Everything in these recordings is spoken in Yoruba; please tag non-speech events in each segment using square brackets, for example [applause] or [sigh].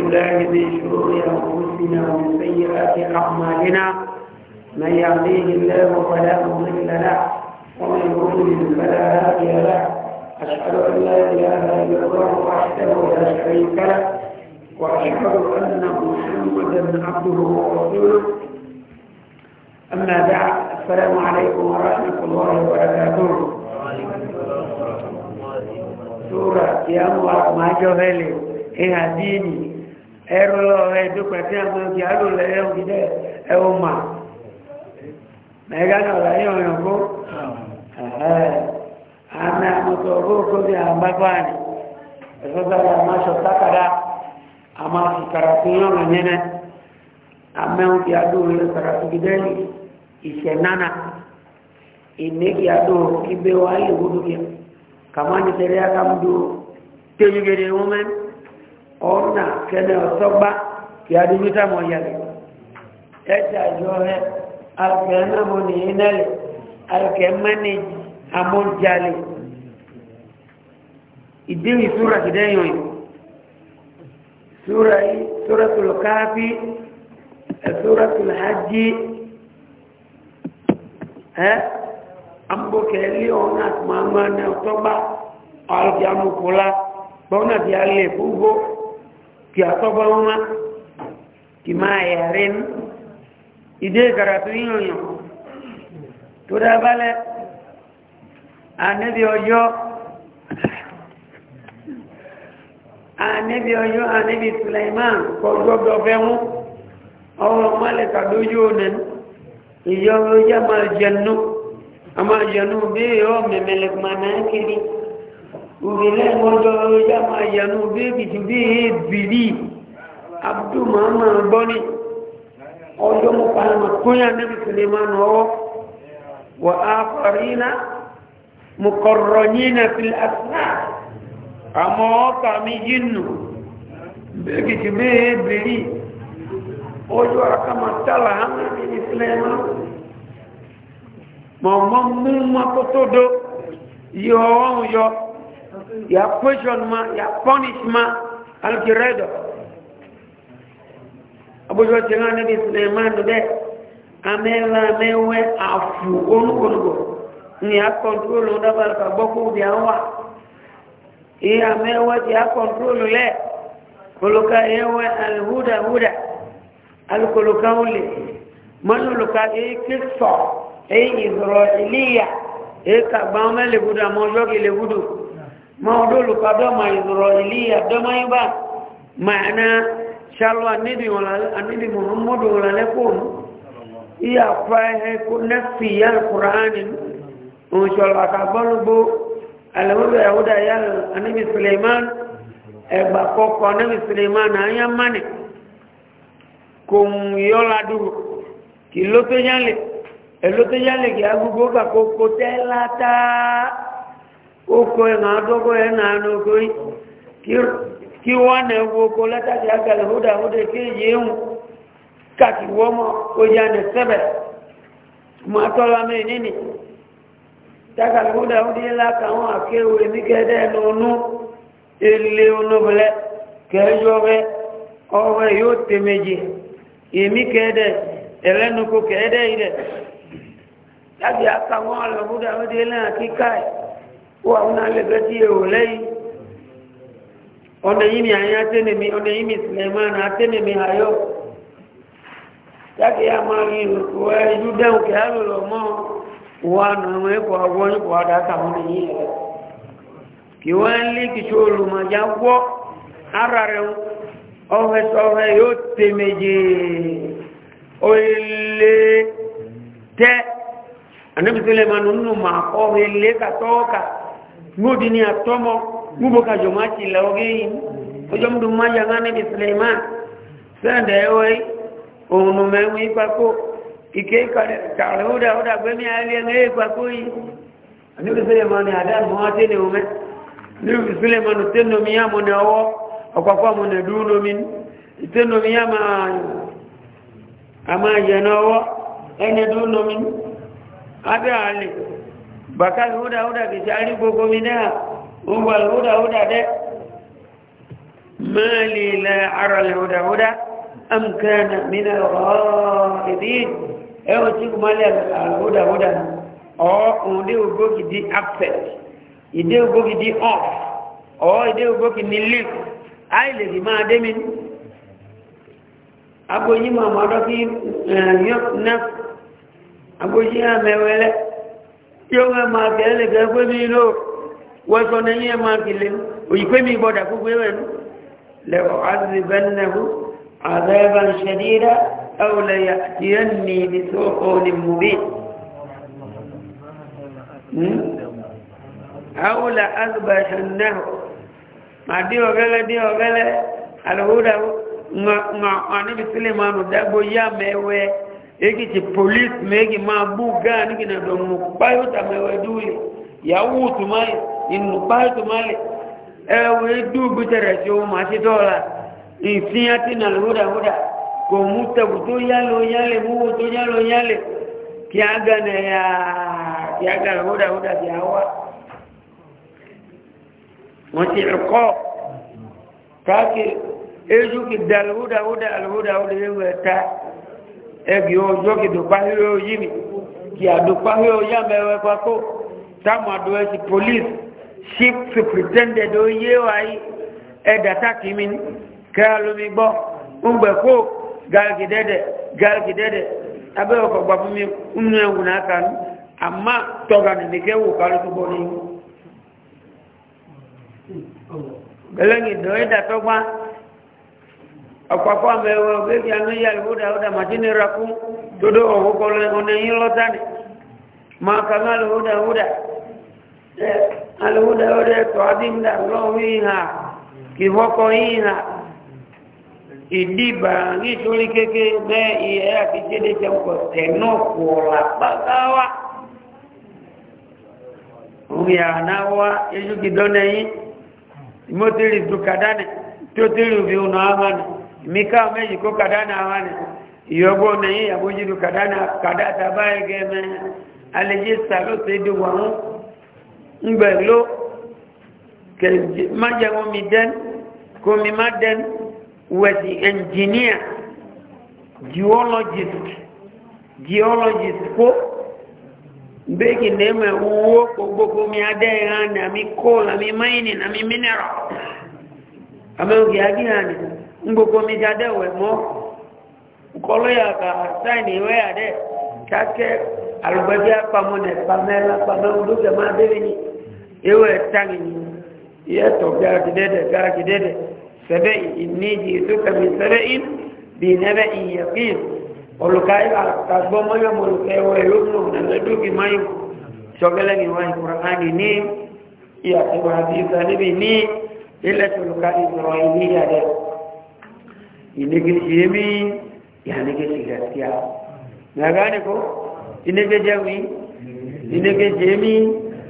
بالله من شرور أنفسنا ومن سيئات أعمالنا من يهديه الله فلا مضل له ومن يضلل فلا هادي له أشهد أن لا إله إلا الله وحده لا شريك له وأشهد أن محمدا عبده ورسوله أما بعد السلام عليكم ورحمة الله وبركاته سورة يا الله ما جهلي هي إيه ديني ẹ̀rọ ẹ̀dọ́pẹ̀tẹ́ àgbẹ̀kì alòlẹ̀ ẹ̀hùgidẹ́ ẹ̀hùmà mẹ́gánà ọ̀láyé ọ̀yàn kó àmì àmọ́tọ̀ ọgọ́kọ́ bí àbábáàni ẹ̀fẹ́bẹ̀rẹ̀ àmáṣọ tákàdá àmáṣì kàràkù yọ́nà yẹ́nẹ́ àmẹ́hùn kí adóòrẹ́ kàràkù gidẹ́ ìṣẹ̀ nánà ìnẹ́kì adóòrẹ́ kíbẹ̀ wáyé ìwúdókè kàmánìtẹ̀rẹ́ àkàmdó tẹ́yìgẹ̀rẹ̀ wọ́n mẹ́rin ọ̀nà kẹ́nẹ̀ ọ̀sọ́gbá kí adúgbítà mọ̀ yàlẹ̀ ẹjà ìjọ rẹ̀ alùkẹ́ náà mọ̀ ní inẹ́lẹ̀ alùkẹ́ mẹ́nẹ̀jì amójalẹ̀ ìdíwì súra ti dẹ́yàn yìí súra yìí súra tó lọ káfí súra tó lọ hajji ẹ́ ambókẹ́ lé ọ̀nà àtùmọ̀ àmọ́ ọ̀nà ọ̀sọ́gbá alùkẹ́ amókòlá gbọ́nà ti alẹ́ fúgbó ki atoba uma ki maya ide karatu yoyo to da bale anabi oyo anabi oyo anabi sulaiman ko gogo femu o male ka dojo nen iyo yo jamal jannu ama jannu be yo memelek kiri òrìlẹ̀ ọjọ́ ìjá máa yànú bébì tí bí i bìlì abdul mahama gbọ́ ní ọjọ́ mọ́ palama kúnyà níbi suleiman ọwọ́ wà á kọ̀rìnà mú kọ̀rọ̀ yínà fi àtúnà àmọ́ ọkà mi yínú bébì tí bí i bìlì ọjọ́ àkàmà tààlà hàmà mọ̀mọ́ mú mọ́kótó yọ ọ̀hún yọ ya question ma punishment, al ma alkiredo abujo tinga ne bi suleiman de amela mewe afu onu oh, onugo ni a control onda bal ka boku bi awa e amewa a control le koloka ewe alhuda huda Al alkoloka ule manuluka e eh, kisso e eh, israeliya e eh, ka ba mele buda mojo ke le budu ma odolu ka doma israiliya doma iba maana shalo anidi wala anidi muhammadu wala lekum iya fahe ku nafi oh, ya alqur'ani on shalo ka bolbo alawu yahuda ya anidi suleiman e eh, ba koko anidi suleiman aya mane kum yoladu kiloto yale eloto yale ki agugo ka koko telata oko nga dogo ena no ko ki wane wo ko lata ya gal huda huda ka ki womo o jane sebe ma to la me nini ta mi emi ta ya ka wa la huda huda e la ki wa una le gati e olei onde yimi aya tene mi onde yimi Suleiman atene mi hayo yake ya mari wa yuda e uke alo lo mo wa na we ko awon e ko ada ta mo ni e ki wan le ma jawo arare o he so he ngudi ni atomo ngubo ka jomachi laogein ojom dum ma yangane bi Suleiman sande oi onu mewi pako ike kare taruda oda gwemi ali ngai pako yi ani Suleiman ada moate ne ume ni Suleiman tendo miyamo ne owo okwakwa mo ne duno min tendo miyama ama yanowo ene duno min ada ali bàkàlì húdà húdà kìí ṣe arí gbogbo mi náà ń wà húdà húdà dẹ́ máa lè lẹ ara lè amkana mina ọ̀rọ̀ ìdí ẹwọ tí kò máa lè húdà húdà ọ̀ òun dé ògbógi di absent ìdé ògbógi di off ọ̀ ìdé ògbógi ni leave àìlè fi máa dé mi ní agbóyí màmá ọdọ́ kí yọ yóò máa máa kẹ́ lè kẹ́ pé mi ló wọ́sọ ní ilé máa kìlẹ̀ òyì pé mi bọ́dà púpọ̀ ẹ̀rẹ̀ lẹ́wọ̀ azìbẹ́nẹ̀hù àzẹ́bà ń ṣẹ̀díra ẹ̀wọ̀lẹ̀yà tí ẹ̀ ní ní sọ́kọ́ ní múrí àwọ̀lẹ̀ azìbẹ́nẹ̀hù eki ti police meki mabu gani kina do mubayo tameweduli ya utu mai in mubayo tumale ewe du bitere jo ma ti dola isiati na huda huda ko muta buto yalo yale mu to yalo yale kiaga na ya kiaga huda huda yawa wati iqab taki eju ki dal huda huda al huda huda ta ẹgbẹ̀ ọjọ́ kìdùpáhírò yìí mi kì àdùpáhírò yà mẹ́wẹ́ pákó táàmàdù ẹ̀sì police chief superintendent ó yé wáyé ẹ̀dà tákìmí kẹ́ẹ̀lómi gbọ́ ń gbẹ̀ kó gàlgìdẹ́dẹ̀ gàlgìdẹ́dẹ̀ abẹ́ ọkọ̀ gbà fún mi nínú ẹ̀wù náà kan àmá tọ́gà nìmi kẹ́wù kárí tó bọ́ nínú. gẹ́lẹ́yìn ìdọ̀ ẹ̀dà tọ́gbọ́n akpakọ amẹwẹ ọgbẹbi anẹyà ìwúdà ọdà màtínì rakú dodo ọgbọgbọ ọnẹyìn lọtàni máa kàmá lòwúdà ọdà ẹ alòwúdà ọdà ẹtọ adìmdà lọwọ ìhà kìfọkọ ìhà ìdìbà nítorí kéke bẹ ìyẹ àkìtìdé tẹnkọ tẹnú kùọlà pàtàwà òyà náwà ejúkìdọ́nẹyìn mọtìrì dùkàdánì tó tìrì òbí ọ̀nà àmàlì mika meji ko kadana awane yogo na yi abujidu kadana kadata baye geme aleji salo tedu wahu ngbelo ke majango mi den ko mi ma den wasi engineer geologist geologist ko mbeki neme uwo kogboko mi ade hani ami coal ami mining ami mineral ameugiagi hani gbogbo mi dza ɖe wɛ mɔ kɔlɔ ya ka sain wɛ ya ɖɛ kakɛ alugbɛbi akpamɔ nɛ kpamɛ la kpamɛ ŋdo gɛma ɖe bi nyi ewɛ tangi nyi yɛ tɔ garaki ɖɛ ɖɛ garaki ɖɛ ɖɛ sɛbɛ ini dzi to kɛmɛ sɛbɛ in bi nɛbɛ iyakin oluka yi ka gbɔ mɔyɔ mɔluka yi wɛ yɔ mɔ nɛmɛ do bi ma yi sɔgɛlɛ ni wa yi kura ani ni iyatɛ wa bi sa ne bi ni ilẹ̀ toluka ni sɔrɔ yi ni ya dɛ inike jemi yanike sigatia nagane ko inike jawi inike jemi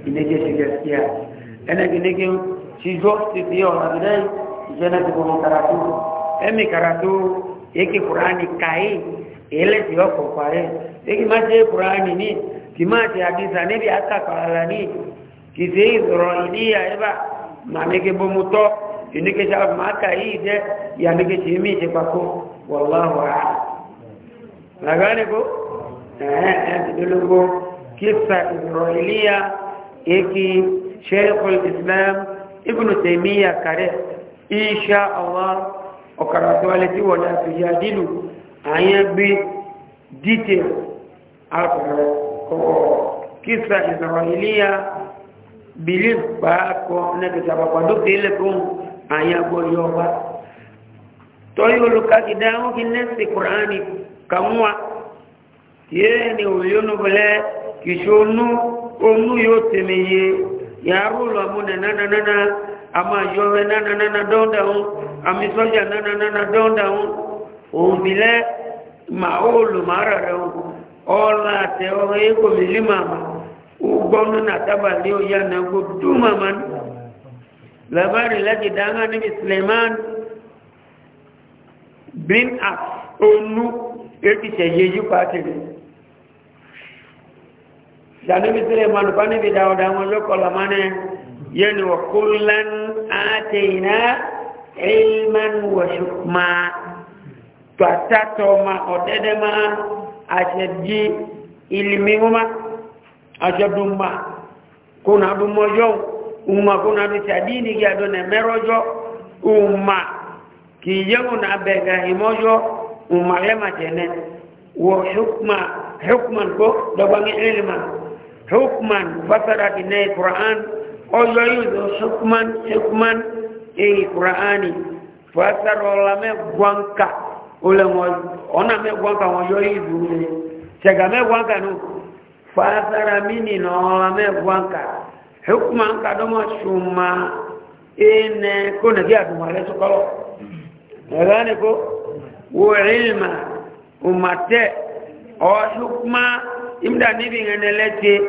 inike sigatia ene inike sijo sitio nagane jena ko karatu emi karatu eki qurani kai ele tiyo ko pare eki maje qurani ni kimati hadisa ne bi aka kalani kizei zoro ilia eba maneke bomuto ìníkẹ́sí àmàkà yìí jẹ́ ìyàníkẹ́sí mí ṣe pàkó wọ́láwọ́ àà lágbàáníkó ẹ̀ẹ́dìdólógó kífà ìrọ̀lẹ́yà èkì ṣẹ́ẹ̀kùl islam ibùn tèmíyà kàrẹ́ ìṣà àwọn ọ̀kàràtọ́wálẹ̀ tí wọ́n láti yà dínú àyẹ́ gbé detail àpẹẹrẹ kífà ìrọ̀lẹ́yà belief pàákọ́ nẹ́gbẹ̀sàpàpàdókè lẹ́kùn ayagbɔyɔ wa tɔyɔlu kagida wo ki nɛsi kurani kamua yéé ni òyònu bilɛ kìsónu onu yóò tèmi yé yàrá òlu amu nananana ama yɔwɛ nananana dɔn da ŋu ami sɔdza nananana dɔn da ŋu òun bi lɛ ma òlu ma ara rɛ ŋu ɔlà tɛ ɔyɛ kòmìlì mama ugbɔnu nataba ni o ya na gbó du mama nu labari lati danga nabi suleiman bin onu eti seyeyi patiri janibi suleiman panibi dawuda wọn lọkọlọ mani yẹni wa kullan atena ilman wa shukma tọtatọma ọdẹdẹma aṣẹji ilimimuma aṣẹdunma kuna adumọjọun Uma kuna ducha dini kia done merojo umma kijengu na bega himojo uma lema tene wa hukma hukman ko dobangi ilma hukman fasara kinai Qur'an oyo yuzo hukman hukman e Qur'ani fasara olame gwanka ole ona me gwanka oyo yuzo chega me gwanka no fasara mini no olame gwanka hukuma nka doma shuma ene kuna kia kumalesu kolo nadhani ko uilma umate o hukma imda nibi ngenelete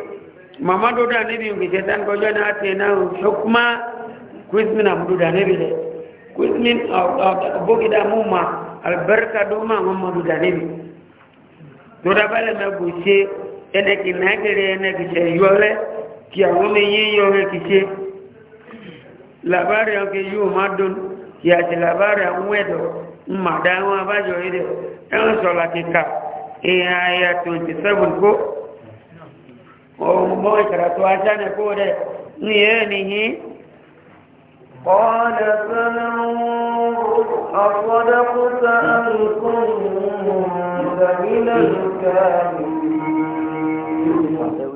mamado da nibi ngijetan ko jana tena hukma kuzmina mduda nibi le kuzmin bogi da muma albarka doma mamadu da nibi to da bale me buce ene kinagere ene kiche yole kí àwọn méye yọ ọ̀rẹ́ kì ṣe làbárí ọkẹ yóò má dùn kí àti làbárí àwọn ẹ̀dọ̀ ń mà dá wọn abájọ ilẹ̀ ẹ̀wọ̀n sọ̀lá kíkà ìhà ẹ̀yà 27 kó ohun mọ́ ìkàràtọ̀ ajánẹ̀ kó rẹ̀ ní ẹ̀ nìyí قال فانظر أصدقت أم كنت من الكاذبين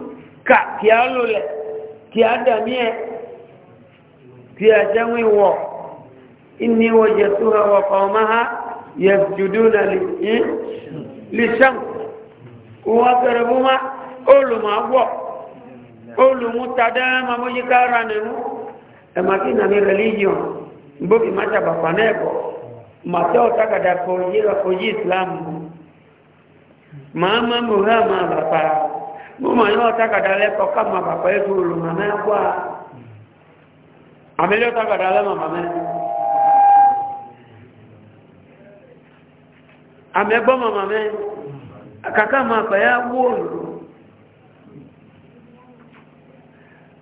ka kialule á lòlẹ̀ kí á dàmí ẹ̀ kí á jẹ́wọ́ ìwọ̀ inni wajatuha wa qawmaha yasjuduna li eh, shams wa qarabuma oluma wo olumu tadama mojikara nemu e ni religion mboki macha bapaneko mateo takada ko jira ko islam mama muhammad bapa mọ́mọ̀ yọ́ tágàdà lẹ́kọ̀ọ́ káàmà bàbá ẹ̀kọ́ olùmọ̀mẹ́ wà àmìlẹ́ tágàdà lẹ́mọ̀mọ̀mẹ́ àmẹ́gbọ́mọ̀mọ̀mẹ́ kàkà máa pẹ̀yà wó olù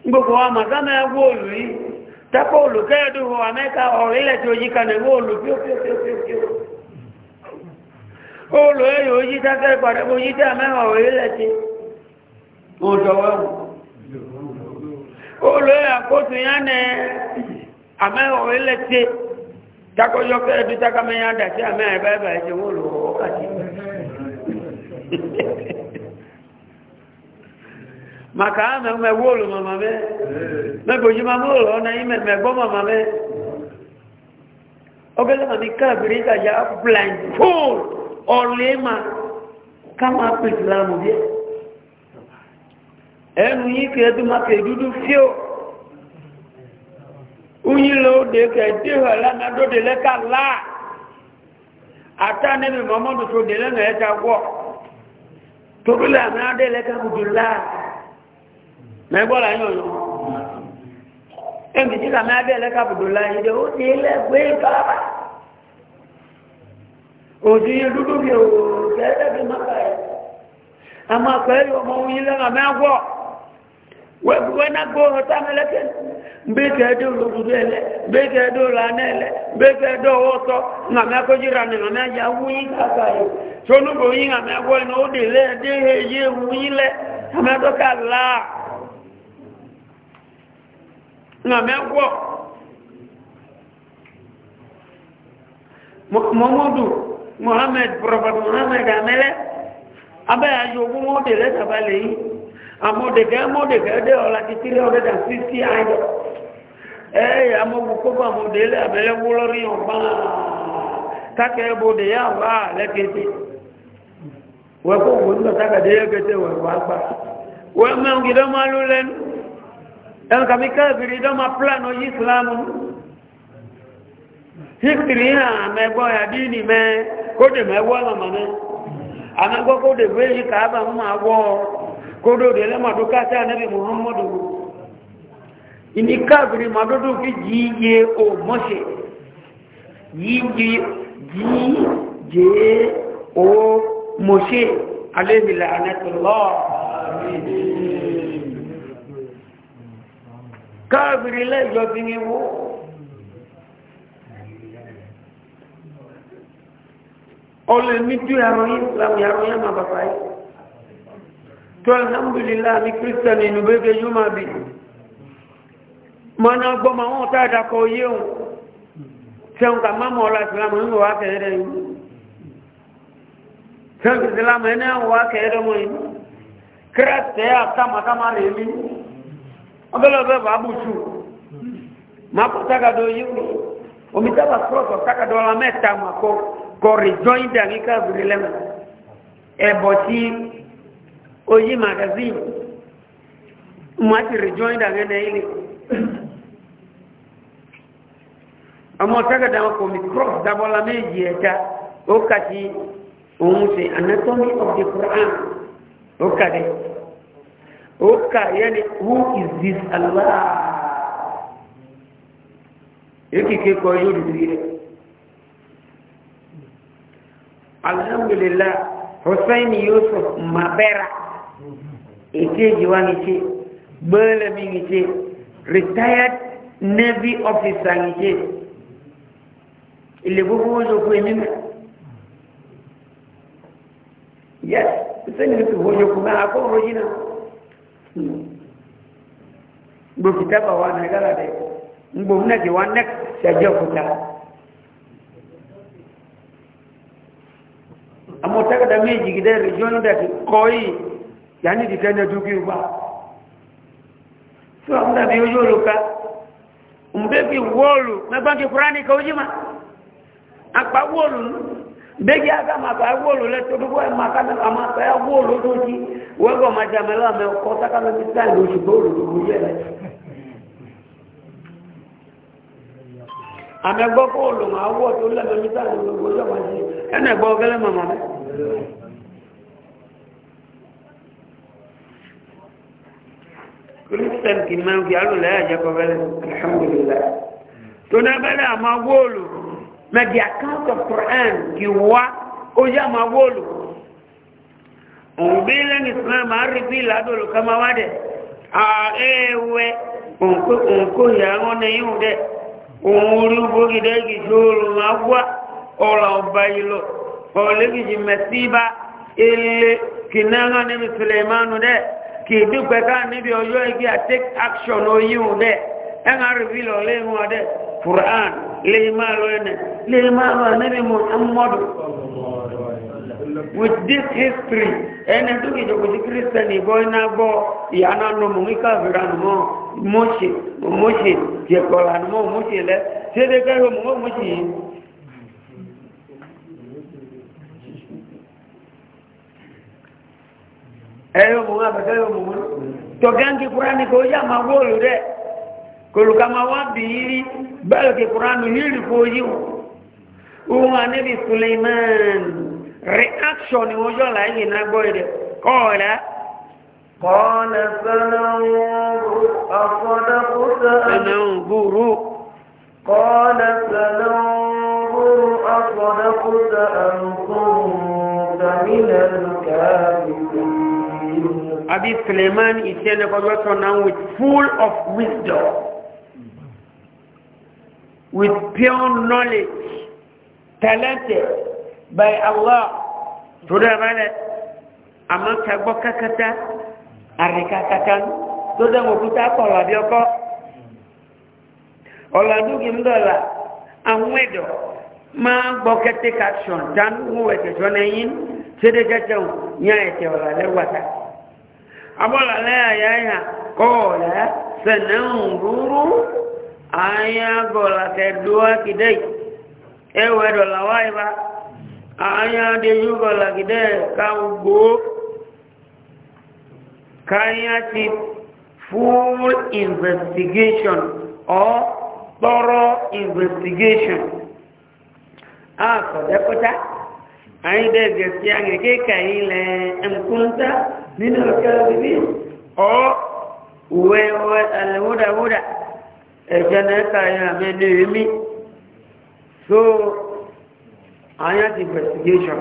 gbogbo wa màkà máa wó olù yìí tẹ́kọ̀ olùkẹ́ẹ̀dù àmẹ́ka ọ̀rílẹ̀ tí ó yí kanẹ̀ wó olù píópíópíópíó olù ẹ̀yọ̀ yí tákẹ́ pàdé òjọ̀wọ́wù olóyè àkóso yá nẹ àmẹ́wọ̀ ilẹ̀ tí takọjọ́ kẹ́ẹ̀dú takamẹ́ yá dàtí àmẹ́ àìbáyìbá Maka wọ́n lò wọ́kàtí màkà ma wọ́ọ̀lù màmà mẹ́ mẹ́gbòjì máa mọ́ọ̀lù ọ̀nà yí mẹ́mẹ́ gbọ́ màmà mẹ́ ọgẹ́lẹ́ màmí káàkiri ìgbàjá blind fold ọ̀lẹ́mà ká máa pèsè láàmù bíẹ́ ẹnu yìí kẹ́ẹ̀dù máa kẹ́ dúdú fíò oyin lé òde kẹ́ẹ̀dù ẹ̀ lánàdóde lẹ́ka láà àtànẹ́mì mọ́mọ́dù tó dé lẹ́nu ẹ̀ta wọ́ torí lànà adé lẹ́ka kùdù láà mẹ́gbọ́ra yàn yàn ẹ̀mí tí lànà adé lẹ́ka kùdù láà yìí dé ó dé lẹ́gbẹ́ kálábà òdì yìí dúdú fíò kẹ́ẹ̀dù máa kẹ́ àmọ́ ọmọ wẹ́gbẹ́ náà gbọ́ ọ̀tá mẹ́lẹ́kẹ́ bẹ́ẹ̀kẹ́dọ́ lòdùdú ẹ̀lẹ́ ụlọ lànà ẹ̀lẹ́ bẹ́ẹ̀kẹ́dọ́ ọ̀tọ́ ńàmẹ́kọ́jìra ní ọ̀nàjà wúyí kàkà yìí tónúbò yí àmẹ́kọ́ iná ó dè lẹ́ẹ̀dẹ́ èyí wúyí lẹ́ àmẹ́kọ́kà láà ńàmẹ́kọ́ mọ́mọ́dù mohammed prọfẹ̀t mohammed amọdẹgẹ amọdẹgẹ dẹ ọla ti tiri ọdẹ da sisi ayọ ẹyẹ amọbu kókó amọdẹ lẹ abẹlẹ wúlọrin ọgbọn kákẹ ẹbọdẹ yà wà lẹkẹtẹ wẹ kó wọn nígbà sákàdé lẹkẹtẹ wẹ wà gbà wẹ mẹun kì dọ́mà ló lẹnu ẹn kàmi káàbìrì dọ́mà plan ọyí islamu hìkìrì hàn àmẹgbọ yàdínì mẹ kódè mẹwọ àmàmà mẹ àmẹgbọ kódè wéyí kàábà mọ àwọ kodo de le madoka ta nabi muhammadu ini kabiri madodo ki jiye o mose yiye jiye o mose alayhi la'natullah kabiri le yo bini wo ole mi tu ya ro islam ya ro ya ma tó alhamdulillah ní kírísítẹ̀nì inú bébé yúmà bí mọ́ gbọ́mọ̀ àwọn ọ̀tá àdàkọ̀ yé òun ka máa mọ̀ ọ̀la ìsìlámù ń wà kẹ́ẹ̀rẹ́ yìí tẹ́un ìsìlámù ẹni wà kẹ́ẹ̀rẹ́ mọ́ yìí kírísítẹ̀ àtàmàtàmà rẹ̀ mí ọbẹ̀lọ́bẹ̀ bá bùtù máa kọ́ tágàdọ̀ omi tábà tágàdọ̀ mà oyi magazine mwati rejoin da ngene ile amma taka da ko mi cross da bola meji eta okati umse anatomy of the quran okade oka yani who is this allah yake ke ko yuri dire alhamdulillah Hussein yusuf mabera èkejì wá ní ṣe gbẹ́lẹ́mí ní ṣe retired navy officer ní ṣe ilé gbogbo wọn lóko ẹni mẹ yẹ sẹni ní fìwọ yòókù náà akọ òrò yìí náà gbòkì tábà wà náà gára dẹ ngbòmù náà ti wà nẹk ṣàjẹ òkúta àmọ tákàdá méjì gidẹ rẹ jọ nígbà tí yìí yani dikanya dugi ba so amda bi yuluka mbeki wolu na banki qurani ka ujima akpa wolu mbeki aka maka wolu le to duwa maka na ama ka ya wolu doji wego majamela me kota kama bisani do shibolu do mujele amegbo ko ma wo to le me bisani do gojo ene gbo gele mama kírísítẹ̀n kì máa ń fi àlò lẹ́yàjẹ́ kọfẹ́lẹ́ alhamdulillah tó náà bẹ́lẹ̀ àmà wóòlù mẹ́dí àkáǹtọ̀ quran kì wá ó yá àmà wóòlù òun bí lẹ́yìn islam máa rí bí ìlàdòlù ká máa wádẹ̀ ààrẹ́wẹ́ òun kò yà wọ́n ní yíò dẹ̀ òun orí bókìdẹ́gì ṣòro máa wá ọ̀là dẹ̀ kìdúpẹ́ ká níbi ọjọ́ igi à take action oyún dẹ̀ ẹ̀ka reveal ọ̀lẹ́hun ọdẹ quran lè máa lọ ẹnẹ lè máa lọ ẹnẹ́bí muhammadu with this history ẹni tó kìí jọkùtì christian ìbọn iná gbọ́ ìyáná lọ mọ̀ ní káfíra mọ́ mọ́ṣe mọ́ṣe jẹ̀kọ̀ọ̀lá mọ́ mọ́ṣe lẹ́ ṣé ẹyọ mọ abẹfẹ yọ mọ wọn tọgẹǹkì kurani kò yá máa wọlù dẹ kòlùkà máa wá bì í rí bẹẹ kì kurani hílì kò yí o òun anabi suleiman reaction wọn yọ láyé yìí náà gbọ́ dẹ kọ́ọ̀lá. قال سننظر أصدقت سننظر قال سننظر أصدقت أن كنت من الكاذبين Abi Suleiman is saying about what now with full of wisdom, with pure knowledge, talented by Allah. Today, àmọ́ kagbọ́ kákátá àríkákátá tó dẹ̀mọ̀ òkúta kọ̀lá bí ọkọ́ ọ̀làdúgì ń dọ̀là àwọn ẹ̀dọ̀ máa gbọ́ kẹ́tẹ́kàṣọ̀n dánúwò ẹ̀tẹ̀ṣọ́nẹ́yìn tí ó dẹ́kẹ́kẹ́ abola le ayaya kola sananguru aya gola ke dua kidai ewe dola waiba aya de yugo la kidai kaugo kaya ti full investigation or thorough investigation a ko de kota ai de gesiange ke kai le من الكاذبين أو الهدى هدى الجنة يا من يمي so ayat investigation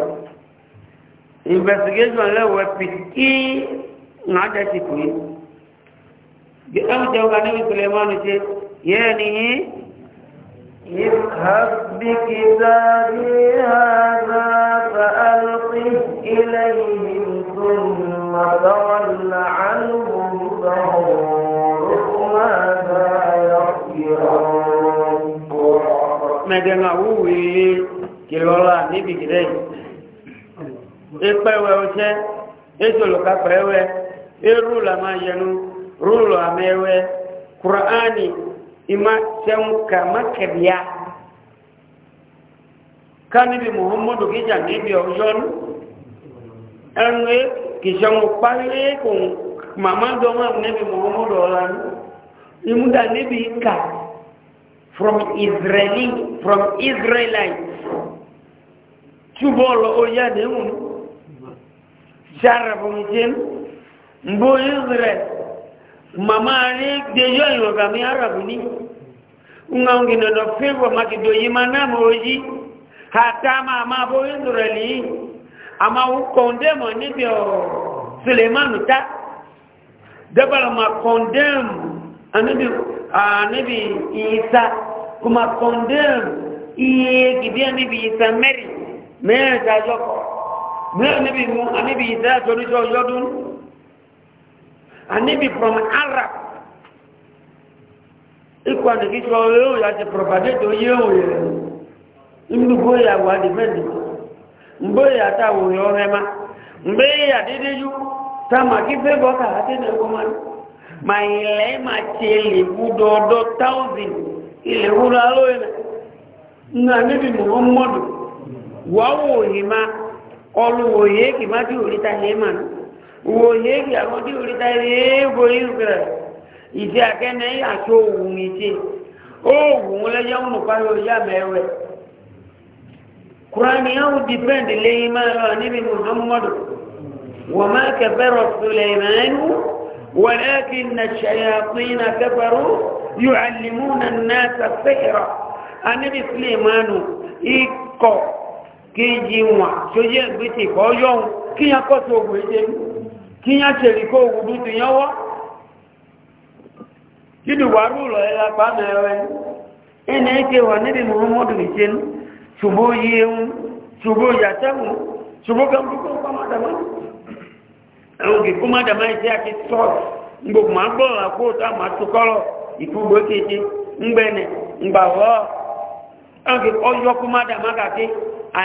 investigation lẹ́wọ̀ pìtì ńlájẹ́ ti pè é ẹ̀mùtẹ́ ọ̀gá níbi ìpìlẹ̀ mọ́nu ṣe yẹ́ ni yí اذهب بكتابي هذا فألقه إليهم فتول عنهم فهم ماذا يرجعون مدنا ووي كيلولا نبي كده ìpẹ̀wẹ̀ ọ̀ṣẹ́ ètòlùkápẹ̀ẹ́wẹ́ erúlà máa yẹnu rúlù àmẹ́wẹ́ kùránì ìmá tẹ́ǹkà mákẹ̀bíà ká níbi muhammadu kíjà níbi ọ̀yọ́nù ẹnu kìsọ̀mù parí kò màmá dọ́mọ́ níbi muhammadu ọ̀la ìmúdà níbi ìkà from israeli from israelite túbọ̀ lọ oyá dẹ́hùn sára fún ìṣẹ́nu mbó israel màmá rí dẹjọ́ ìrọ̀gà mi arabu ní nga ngina do febo makido yima na moji hata mama bo israeli àmà ń kọ̀ndẹ́mù níbi ọ̀rọ̀ sulemanu ta dẹ́gbàlá ma kọ̀ndẹ́mù níbi ìyíta kò ma kọ̀ndẹ́mù iye gidi níbi ìyíta mẹ́rin mẹ́rin ta yọkọ̀ mẹ́rin níbi mú níbi ìyíta àtọ́níṣọ́ níbi from arab ikọ̀ nìkíṣọ́ yóò yàtì propagate yóò yẹ̀ nínú bóyá wà mgbe ya ta wụghị ọhịa mgbe ya dịdịju ta maka ife bụ ọka ha tena egwomanụ ma ile ma chele budodo thousand ile wuru aloe na níbi muhammadu wàwọ̀ òhì ma ya ma Kùránì á ó dìpẹ́ǹdì lẹ́yìn máa rọ níbi Mùsùlùmọ́dù. Wọ́n máa kẹfẹ́rọ̀ Sùlẹ̀mánú, wọ́n á kí na ṣayàpín akẹ́fẹ́rú yóò àlìmú na náà sàfẹ́rọ̀. A níbi Sùlẹ̀mánú ikọ̀ kéjì wọn sójú ẹgbẹ́ ti kọ́ yọ̀hún kí yẹn kọ́ tó ògùn ẹ̀jẹ̀ kí yẹn ṣèlú kó ògùn dúdú yẹn ni wàá ṣùgbọ́ yíye ń ṣùgbọ́ yàtẹ́hùn ṣùgbọ́ gẹ́gbùkú pàmádàmá ẹ̀hùn kìkú mádàmá iṣẹ́ àti sọ́ọ̀tì gbogbo máa gbọ́ àpò tó àmà tó kọ́rọ̀ ìfúgbó kéde ńgbẹ́nẹ̀ ńgbàwọ́ ẹ̀hùn ọyọ́ kú mádàmá kàkí ya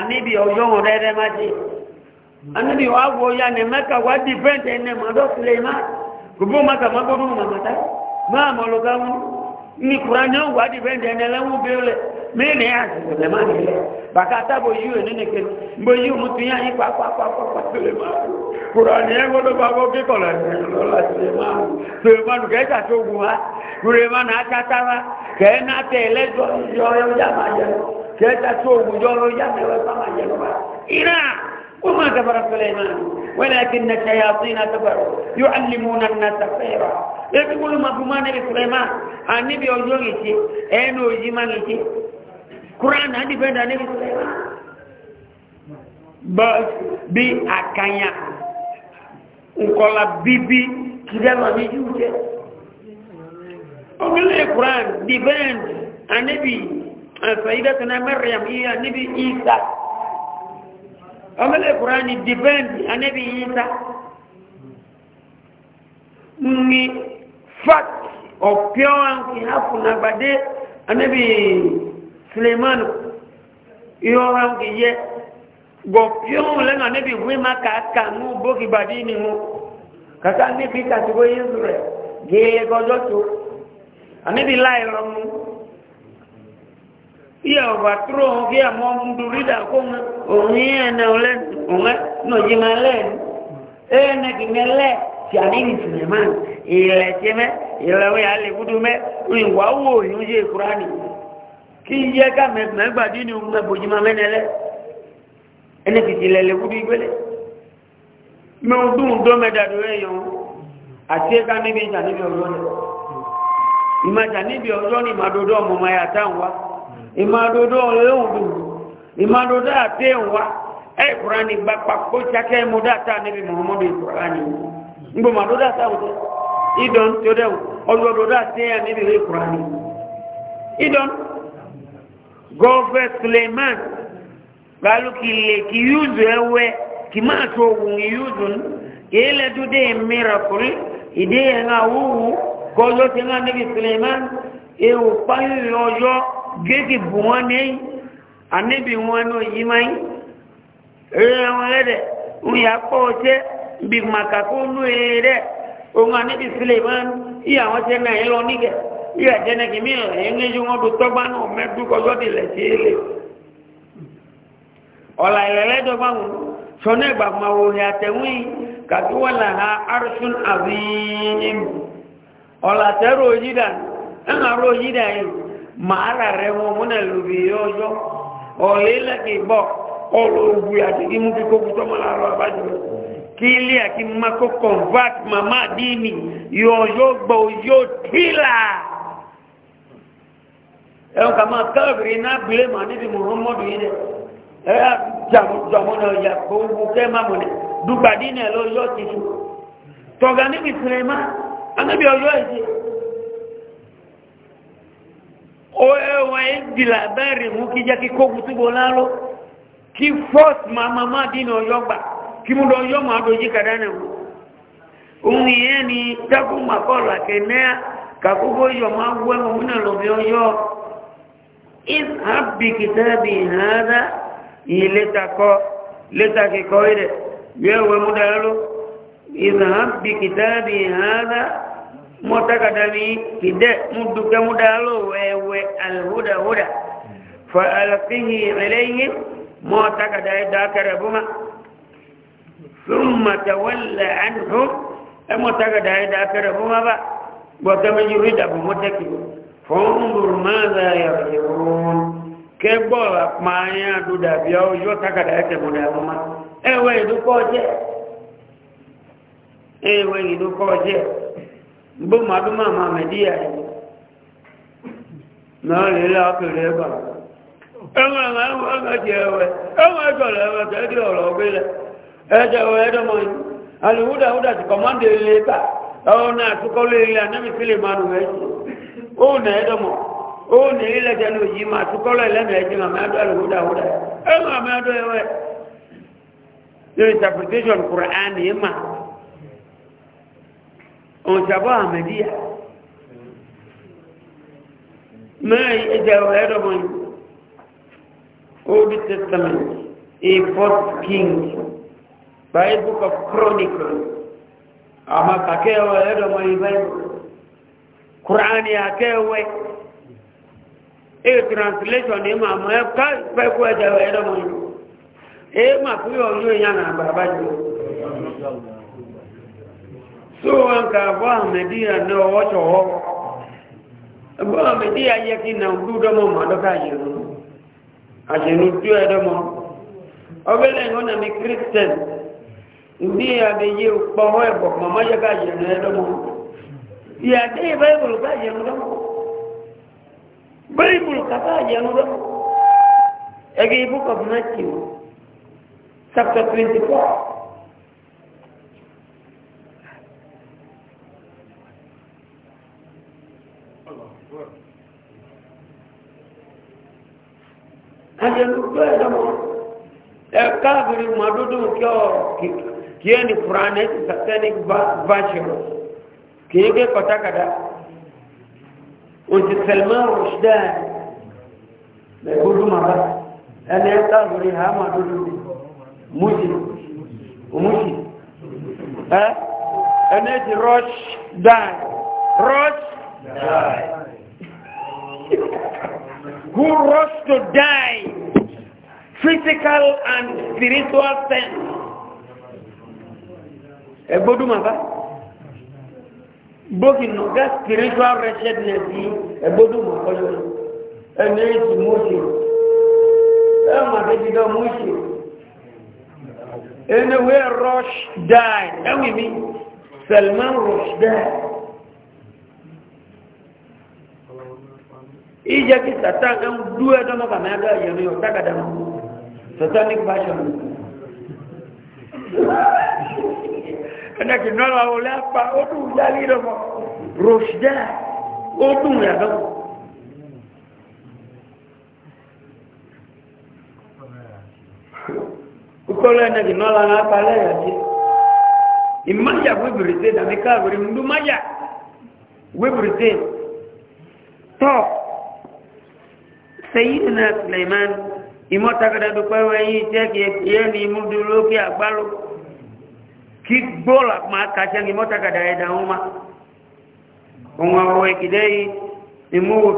ma, mẹ́ka ma ma ma ni kurani o wadi bende enele wu bele mene ya sele ma ni le bakata bo yu ni ne ke bo yu mutu ya yi pa pa pa pa pa sele ma kurani e godo ba bo ke ko la lo la sele ma sele ma nu ke ta to gu ha kure ma na ta ta wa ke na te le jo yo yo ya ma ya ke ta to gu jo lo ya me wa pa ma ya lo ba ina ko ma ta bara sele ma ولكن الشياطين كفروا يعلمون الناس السحر يقول ما بما نبي سليمان النبي يوجي شيء انه يجمان شيء قران هذه بين النبي سليمان بس بأكانيا nkola bibi kidama bijuje ogele quran defend anabi faida kana maryam iya nabi isa ọmọlẹ̀ kùránì dìbẹ́ǹdì anẹ́bí yìí ta ní fact na ọ̀hún ìhàfùnagbàdé anẹ́bí suleiman ìhọ́hún kì yẹ gbọ̀pẹ́ ọ̀hún lẹ́nu anẹ́bí wíma kàkà mú bókìbàdí ni mú kàkà níbi kàtúgbó yézu rẹ̀ gẹ́gẹ́ iya overthrow kia mo mdurida kung ungia na ulen unga no jimalen e eh, na kimele tianini sineman ile cheme ile we ale kudume ni wawo yuje qurani ki ye ka me me gbadi ni unga bojima menele ene kitile le kudu igbele me odun do me dadu eyan ati e, ka ni bi janibi ojo ni ima janibi ojo ni madodo mo ma ya tan wa ìmàdòdó ọ̀lẹ́hùn ìmàdòdó àtẹ́hùn wa ẹ̀kùrá ní gbapà kó ṣakẹ́ mú dáta níbi muhammadu ìkùrá ní gbọmàdó dáta òjò ìdán tó dẹ̀wò ọlọ́dọ̀dọ̀ àtẹ́yà níbi ìkùrá ní ìdán gọ́ọ̀fẹ́ suleiman balùkì lè kí yúzù ẹwẹ́ kì máa tó ohun yúzù kìí lẹ́dúdé mìíràn kùrí ìdí ẹ̀ ń géèkì bù wọ́n ní àníbì wọn ní òyí máa ń rẹ̀ wọn rẹ̀ ń yà pọ̀ ṣẹ́ bí màkàkó ló rẹ̀ òun àníbì sílẹ̀ máa ń yí àwọn ṣẹ́ náà ń lọ nígẹ̀ yí àjẹ́nẹ́kì mìíràn èyí e ní ju wọn tó tọ́gbà náà mẹ́dúkọjọ́ tilẹ̀ sí ilé ọ̀là ìrẹ̀lẹ́dọ́gbà wọn sọ́nà ìgbà máa wò ní àtẹ̀wìn kàbí wọ́n là ha arṣun àbí ọ̀là tẹ́rọ òyìdà ẹ̀hàn àrọ òyìdà yìí màára rẹ̀ wọn múnà lòbí ọjọ́ ọ̀lẹ́ lẹ́kì bọ́ ọ̀rọ̀ ògùn àti kí mú kí kó kútọ́ mọ́ láàrọ̀ àbájọ́ kí ilé àti mako convert mama dini yóò yóò gbọ́ yóò tílà ẹ̀wọ̀n kà máa káàkiri náà bílé màá níbi muhammadu yìí dẹ̀ ẹ̀ jàmọ́ náà yà kó wù kẹ́ má mọ̀ nẹ̀ dùgbàdínà lọ yóò ti tù tọ̀gà níbi sinimá anábì ọjọ́ ẹ̀jẹ̀ oewa edi labari mú kí jẹ́ kí kókù túbò lálọ́ kí fọ́s ma ma má dínà ọyọ́ gbà kí mú lọ yọ́ ma dojí kàdá nà mú ohun ìyẹn ni dákú ma kọ́ làkẹ́ náà kàkókò yọ ma wú ẹ̀mọ̀ mú nà lọ́bẹ̀ ọyọ́ if happy kìtàbí hàdá yìí lẹ́ta kọ́ lẹ́ta kìkọ́ rẹ̀ yẹ́wẹ̀ mú dáná lọ if happy kìtàbí hàdá متقدمي كده مدك مدالو الهدى هدى فألقه إليهم معتقد ذاكر بما ثم تولى عنهم معتقد ذاكر بما با وكما يريد أبو متكي فانظر ماذا يرجعون كبر ما يدود بيو يعتقد ذاكر بما أوي دكوجة أوي دكوجة gbó màdúmà máa mẹ̀díyà ẹ̀ náà lè lé ápèrè ẹ̀bà ẹ̀wọ̀n ẹ̀wọ̀n ẹ̀wọ̀n ẹ̀jẹ̀ ẹ̀wẹ̀ ẹ̀wọ̀n ẹ̀jọ̀lẹ̀ ẹ̀wọ̀n tẹ́ẹ̀dì ọ̀rọ̀ ọ̀gbẹ́lẹ̀ ẹ̀jẹ̀ ẹ̀wọ̀n ẹ̀dọ̀mọ̀ yìí alùwúdàwúdà ti kọ̀mọ́ndé lè kà ọ̀hún náà tukọ́ lè lé anábì sílè máa nù mẹ́jì ó nà ẹ̀dọ̀mọ̀ ó nà ilẹ̀jẹ̀ nù yìí máa tukọ́ lẹ̀ lẹ́nu ẹ̀jẹ̀ màmá ẹ̀dọ̀ alùwúdàwúdà ẹ̀wọ̀n àmì ẹ̀dọ̀ ẹ̀wẹ̀ òṣàbọ̀ àmẹ́díyà mẹ́rin ẹjẹ́ ẹ̀rọ̀mọ̀ old testament a fourth king by book of chronicles àmà kàkẹ́wọ̀ ẹ̀rọ̀mọ̀ ìbáyìí kùránì àkẹ́wẹ́ a translation ní màmú ẹ̀ká ìpẹ́kú ẹjẹ́ ẹ̀rọ̀mọ̀ ìbáyìí fúyọ̀ yóò yànnà bàbá jù tó wọn kà bọ́ àmẹ́díyà náà wọ́tọ̀ ọwọ́ bọ́ àmẹ́díyà yẹ kí nà ọdún dọ́mọ màdọ́kà àṣẹnú àṣẹnú tó ẹ dọ́mọ ọbẹ̀lẹ̀ ìwọ́n nà mi kírísítẹ̀n ní àbẹ̀yẹ pọ̀wọ́ ẹ̀bọ̀ màmá yẹ ká àṣẹnú ẹ dọ́mọ ìyàdé báyìbùlù ká àṣẹnú dọ́mọ báyìbùlù ká àṣẹnú dọ́mọ ẹgbẹ́ ibùkọ̀ bí má ti wọ chapter twenty ajelugbe dama ɛkaafiri madudu kyɔ kie ni kuran eti satanic version kie ke kɔtakada onti salman rushdan mɛ gudu ma ba ɛni ɛkaafiri ha madudu musi musi ɛ ɛni eti rush dan who rush to die, physical and spiritual sense. Egbodu màbá. Bókìnà gá spiritual wretchedness yìí egbodu màkọ́jọ́ yìí. Ẹni èsì mú ṣe. Ẹ mà tẹ́jì gan mú ṣe. Ẹni wé rush die. Ẹwì mi, Salman rush die. ija ki sataka mdue kama kama yaga yanayotaka damu satanic passion kana kinola ole hapa otu ujalilo mo roshda otu ya damu ukole na kinola na hapa le ya yaji imaja kwa britain amekaviri mdu maja we britain talk sẹ́yìnà suleiman ìmọ̀tàkàdàdùpẹ́ wẹ̀yìn iṣẹ́ kì yẹ́ ní ìmúdúró kí àgbálò kí gbọ́ọ̀là máa kàṣẹ́ ìmọ̀tàkàdà ẹ̀dà wọn ma ohun àwọn ìkìdẹ́ yìí ìmúwò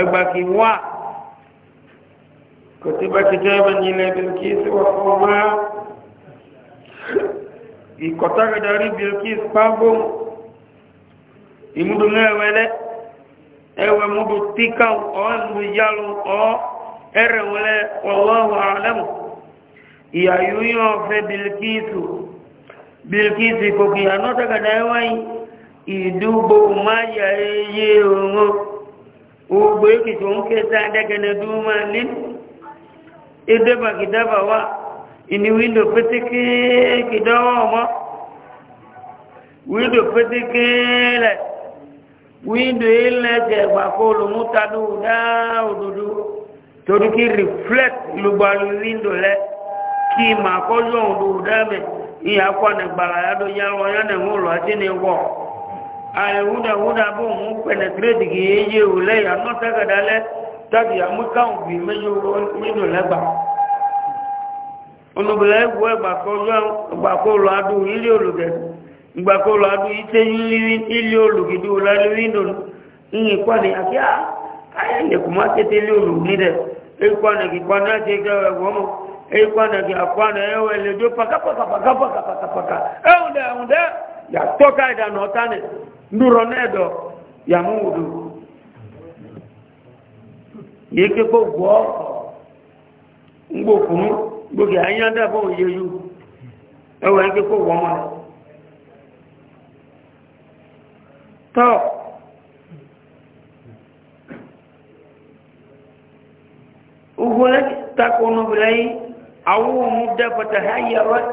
ẹgbà kì wá kò tí bá ti jẹ́ ẹbẹ̀ nílẹ̀ bilkí sí wọ́n fún wa ìkọ̀tàkàdà rí bilkí pàbó ìmúdúró ewe mudu tika o yalu o erewele wallahu a'lam ya yuyo fe bilkisu bilkisu ko ki anota ga dawai idubo maya eye ongo ugbe ki to nke ta daga na duma ni ideba kidaba wa ini window petike kidawa ma window petike la windo ile je gba ko lu mutadu da odudu torí ki reflect lu gba lu windo le ki ma ko yo odudu da me iya ko ne gba ya do ya wo ya ne wo lo ati ni wo ale wuda wuda bo mu penetrate ki ye o le ya no ta ga dale tabi ya mu kan bi me yo windo le gba onu bele wo gba ko yo gba ko lo adu ile oluge gbàkólò adó ìtẹ́ ilé olùgidì olálẹ́ ní kwani àti ayẹ́lẹ̀kùn ilé a nílẹ̀ ekwanagi kwanati gawe womo ekwanagi akwana ewe lejo paka paka paka paka paka paka eunde eunde ya anya ewe tọ́ ugu láti takò nùbìlẹ̀ yìí àwọn òmùdá fatahayarot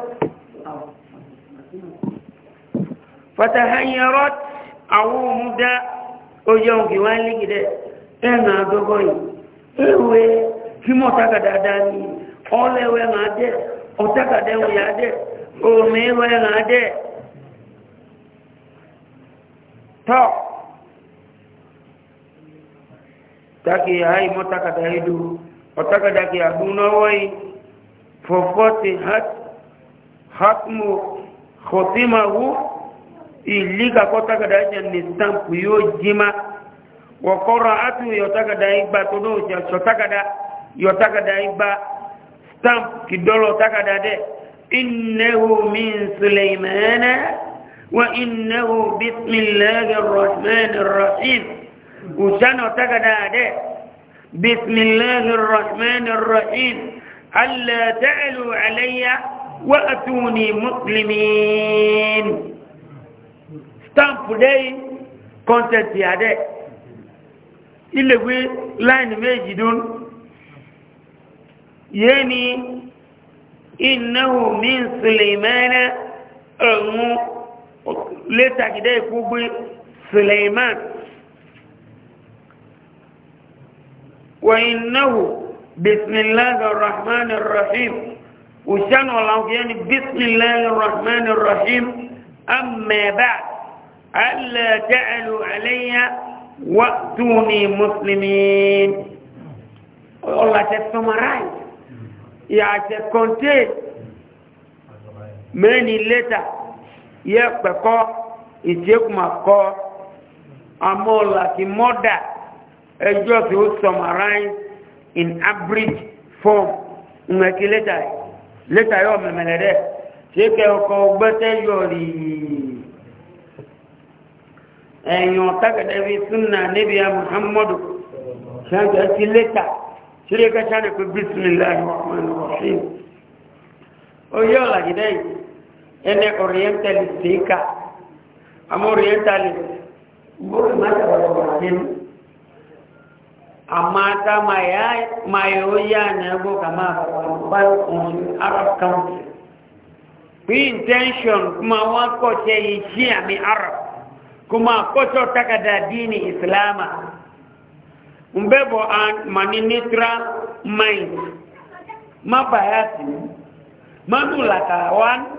fatahayarot àwọn òmùdá ojú ọ̀hún kìí na ní ị ẹ̀nà àgbẹ̀gbọ́ yìí ewé kí mọ̀ takàdá dání ọlẹ́wẹ̀ máa dẹ̀ ọ̀takàdá ẹ̀wẹ̀ yá dẹ̀ òmìnirọ̀ ẹ̀ na-adị. tọ́ taki ayi mọ́takàdá yìí dúró ọ̀takàdá kì àgbúnáwọ́ yìí fọ̀fọ́tì hatmu khọtímahu ìlíkà kọ́takàdá jẹ́ ní stampu yóò jíma wọ̀kọ́rọ̀ átù yọ̀takàdá igba tó náà jẹ́ sọ̀takàdá yọ̀takàdá igba stamp kìdọ́lọ̀ takàdá dẹ́ innahu min sulaymana وإنه بسم الله الرحمن الرحيم وشانو تقدا ده بسم الله الرحمن الرحيم ألا تعلوا علي وأتوني مسلمين stamp day contest yà dẹ ilé gbé line méjì dún yé ni ìnáwó mi sùlẹ̀mẹ́rẹ́ ọ̀hún leta kide ikugbe suleiman wa innahu bismillahir rahmanir rahim ushan wala yani bismillahir rahmanir rahim amma ba'd alla ta'alu alayya wa'tuni muslimin Allah te summarize ya te yẹ pẹ̀kọ́ ìjẹ́kùmàkọ́ amọ́làkì mọ́dà ẹjọ́ tí ó summarize in average form ǹwẹ̀kí lẹ́tà lẹ́tà yọ mẹ̀mẹ̀lẹ̀ rẹ̀ ṣe kẹ ọkọ̀ ọgbẹ́tẹ́ yọ rí ẹ̀yàn tágẹ̀dẹ̀ fi súnà níbi ya muhammadu ṣáàjọ́ ti lẹ́tà ṣílẹ̀kẹ́ ṣáàjọ́ pé bísmìlá ìwọ̀n ọ̀rọ̀ ene orientalist ika am orientalist mbori mata wakobatin amata maya mayoya nebo kama bal on arab country bi intention kuma wako che ishia mi arab kuma kocho takada dini islama mbebo an maninitra mind mabayati manula kawan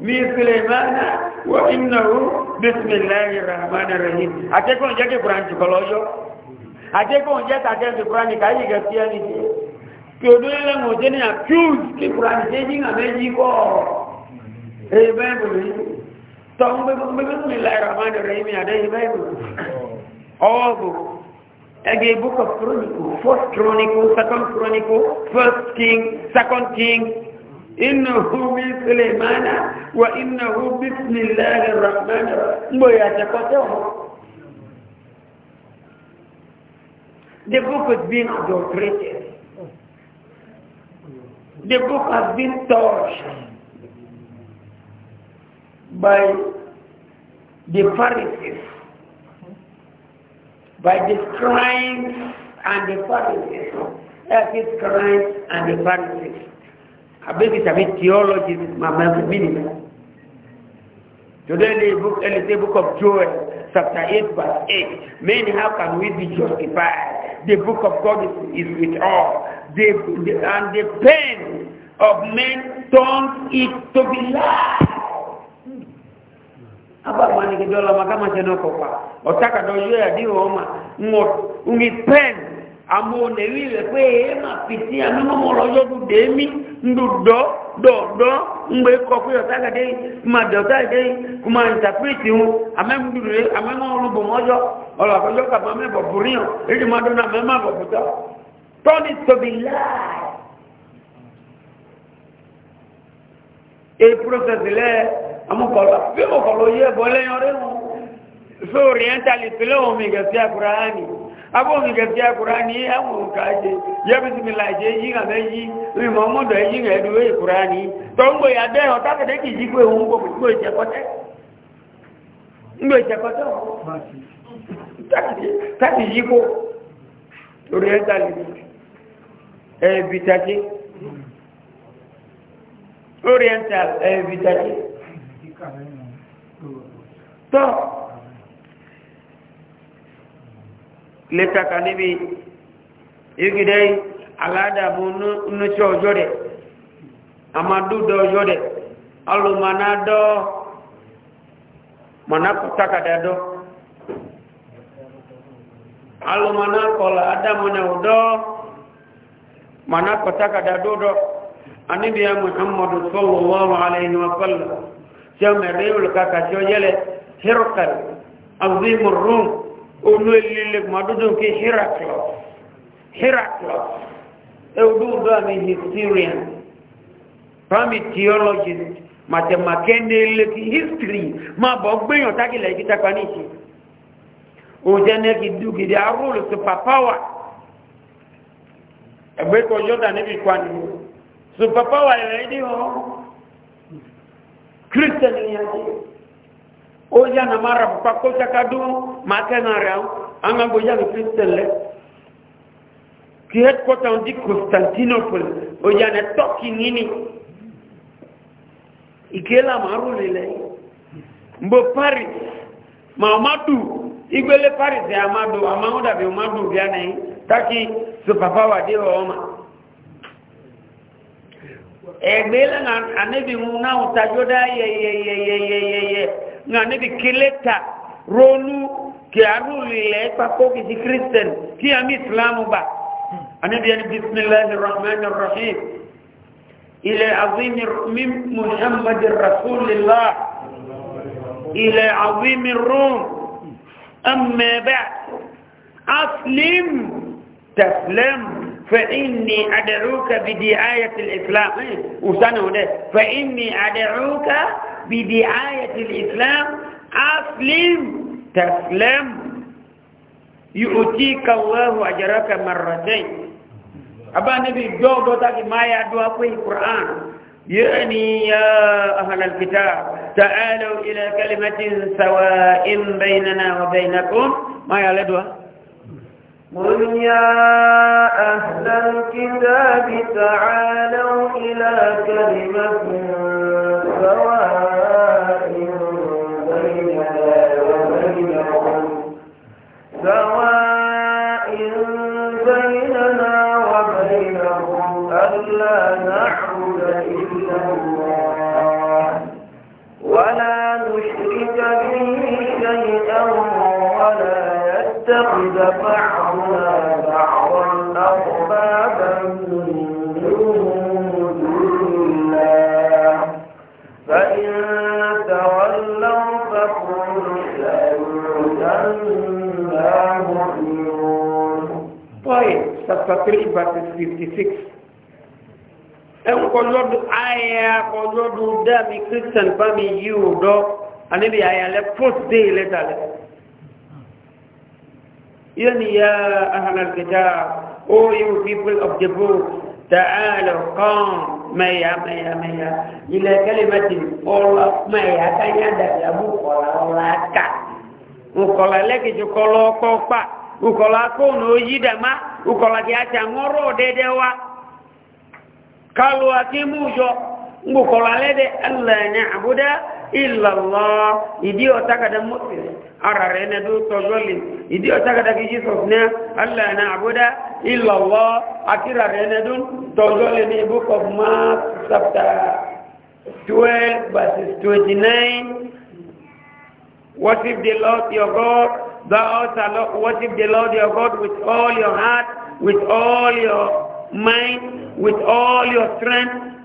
bí sulemana wọ ka bisimilahi rahman rahim akẹ́kọ̀ọ́ jẹ́ kí kuran onye kọlọ́ yọ akẹ́kọ̀ọ́ jẹ́ tàkẹ́ ti kuran ní káyé gẹ̀ fíẹ́ ní ṣe kí o dúró lẹ́nu òjé ní àpíùs kí kuran ṣe jí hàn méjì kọ́ ẹ̀ bẹ́ẹ̀bùrù tọ́ ń gbé bisimilahi rahman rahim again book of chronicles first chronicle second chronicle first king second king إنه من سليمان وإنه بسم الله الرحمن الرحيم The book has been adulterated. The book has been torched by the Pharisees, by the scribes and the Pharisees, as the scribes and the Pharisees. abeki sabi theology mama minima today the book and the book of joel chapter eight, verse eight. men how can we be justified the book of god is, is with all the, the and the pain of men turns it to be life hapa mwanikidola makama chenoko pa otaka doyo ya diwo oma ngo ungipenda àmọ́ lèrí rẹ̀ pé èé mà fi sí àmúmọ́mọ́ ọlọ́jọ́ tó dé mí ndòdó dọ̀dọ́ ngbé kọ pé ọ̀tá gàdé mà dọ̀tá gàdé mà ìtàpírìtì wọn àmẹ́mùdùrẹ́ àmẹ́mọ́ olùbọ̀mọ́jọ́ ọlọ́kọjọ́ kàbọ̀ mẹ́bọ̀ bùríyàn èyí máa dún àmẹ́ má bọ̀bùtọ́ tọ́ni tóbi e, e prọsẹsì lẹ abo mi kɛ fia kurani amu ka je ya bisimila je yi ka bɛ yi ri mɔmɔdɔ yi ka du kurani ya bɛ ɔta kɛ de k'i ji ko ewu ko ko jɛ kɔtɛ ŋdo jɛ kɔtɛ o kati ko leta ka níbi igide aládàbò nùtsọ ọjọ́ rẹ̀ amadúdọ̀ ọjọ́ rẹ̀ alùmọ̀nàdọ́ mọ̀nàkùtàkàdàdọ́ alùmọ̀nàkọ̀lá adámọ̀nàwọ̀dọ́ mọ̀nàkùtàkàdàdọ́dọ́ anibiya muhammadu sallallahu alayhi wa sallam sẹ́mẹ̀rẹ́ olùkàkàtì ọjẹ́lẹ̀ hirkal azimur rum olú elele mọ́dúdú kí heraclus heraclus eudúdú àmì historian primary theologist mathemakende eleki history máa bọ̀ gbẹ̀yàn tákìlẹ̀ ìkíta paníṣì òjẹ́nẹ́kì dúgìdì arúlù superpower ẹgbẹ́kọ̀ yọ́dà níbi kwani superpower ẹ̀rẹ́ ìdíhàn christian ni a ti o ya na mara pa ko ta ka du ma ka na ra an ga go ya ni kristen le ki het ko ta di constantinople o ya na toki nini ikela maru le le mbo paris ma madu igbele paris ya madu ama oda bi madu bi anai taki super power de o ma ẹgbẹ́ e, lẹ́nà anẹ́bìnrin náà tajú dá yẹyẹyẹyẹyẹyẹ nga nebi kileta rolu ki aruli le pako ki si kristen ki ami islamu ba anabi yani bismillahir rahmanir rahim ila azim min muhammadir rasulillah ila azim rum amma ba'd aslim taslim فإني أدعوك بدعاية الإسلام وسنه فإني أدعوك بدعاية الإسلام أسلم تسلم يؤتيك الله أجرك مرتين أبا نبي جو دو تاكي ما يدعو في القرآن يعني يا أهل الكتاب تعالوا إلى كلمة سواء بيننا وبينكم ما يلدوا قل يا أهل الكتاب تعالوا إلى كلمة سواء بيننا وبينكم سواء بيننا وبينهم ألا نعبد إلا الله ولا نشرك به شيئا ولا يتخذ بعضنا بعضا أربابا من دون الله فإن تولوا فقل إنا مؤمنون طيب تقريبا 56 ẹ̀wọ̀n kọjọ́dù ayẹ́ kọjọ́dù dẹ́mi christian bá mi yí ò dọ́ aníbi ayẹ́ alẹ́ post day lẹ́tà يَنْ يَا أَهْلَ الْكِتَابِ O you people of the book, تعالوا قام ميا ميا ميا إلى كلمة الله ميا كان يدعي أبو قولا ولا كا وقولا لك جقولا قوفا وقولا كون ويدا ما وقولا كياتا مرو ديدوا قالوا أكيمو جو وقولا لدي ألا نعبد Illa Allah. ìdí ọ̀tá kàdà mọ́sílẹ̀ ara rẹ̀ ẹni tó tọ́jọ́lẹ̀ ìdí ọ̀tá kàdà kí jesus ní allah na àbúdá illallah akíra rẹ̀ ẹni tó tọ́jọ́lẹ̀ ní book of mark chapter 12 verses 29 worship the lord your god thou shalt worship the lord your god with all your heart with all your mind with all your strength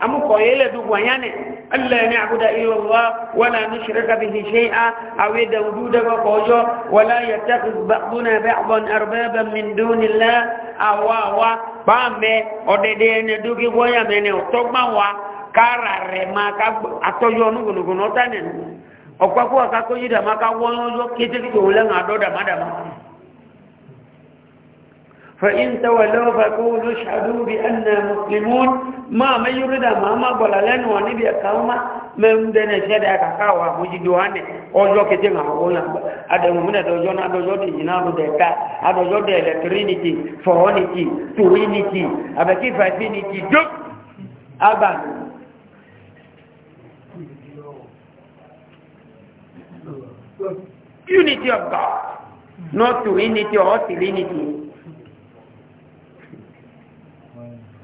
amu koyele dugu anyane alla ni abuda illa allah wala nushrika bihi shay'a aw yadawduda ko kojo wala yattakhidh ba'duna ba'dan arbaban min duni allah awa wa bame odede ne dugi boya mene otogba wa kara re ma ka atoyo nugunugu notane okwa ko ka ko yida ma ka wono jo kete ko le ngado da madama فإن تولوا فقولوا اشهدوا بأننا مسلمون ما ما يريد ما ما بلالن ونبي كاوما ما مدن شدا كاوا مجدوان اوجو كتين اولا ادم من دوجو نا دوجو دي نا دوتا ادوجو دي الكترينيتي فونيتي تورينيتي ابكي فاتينيتي دوك ابا unity of god not to unity or trinity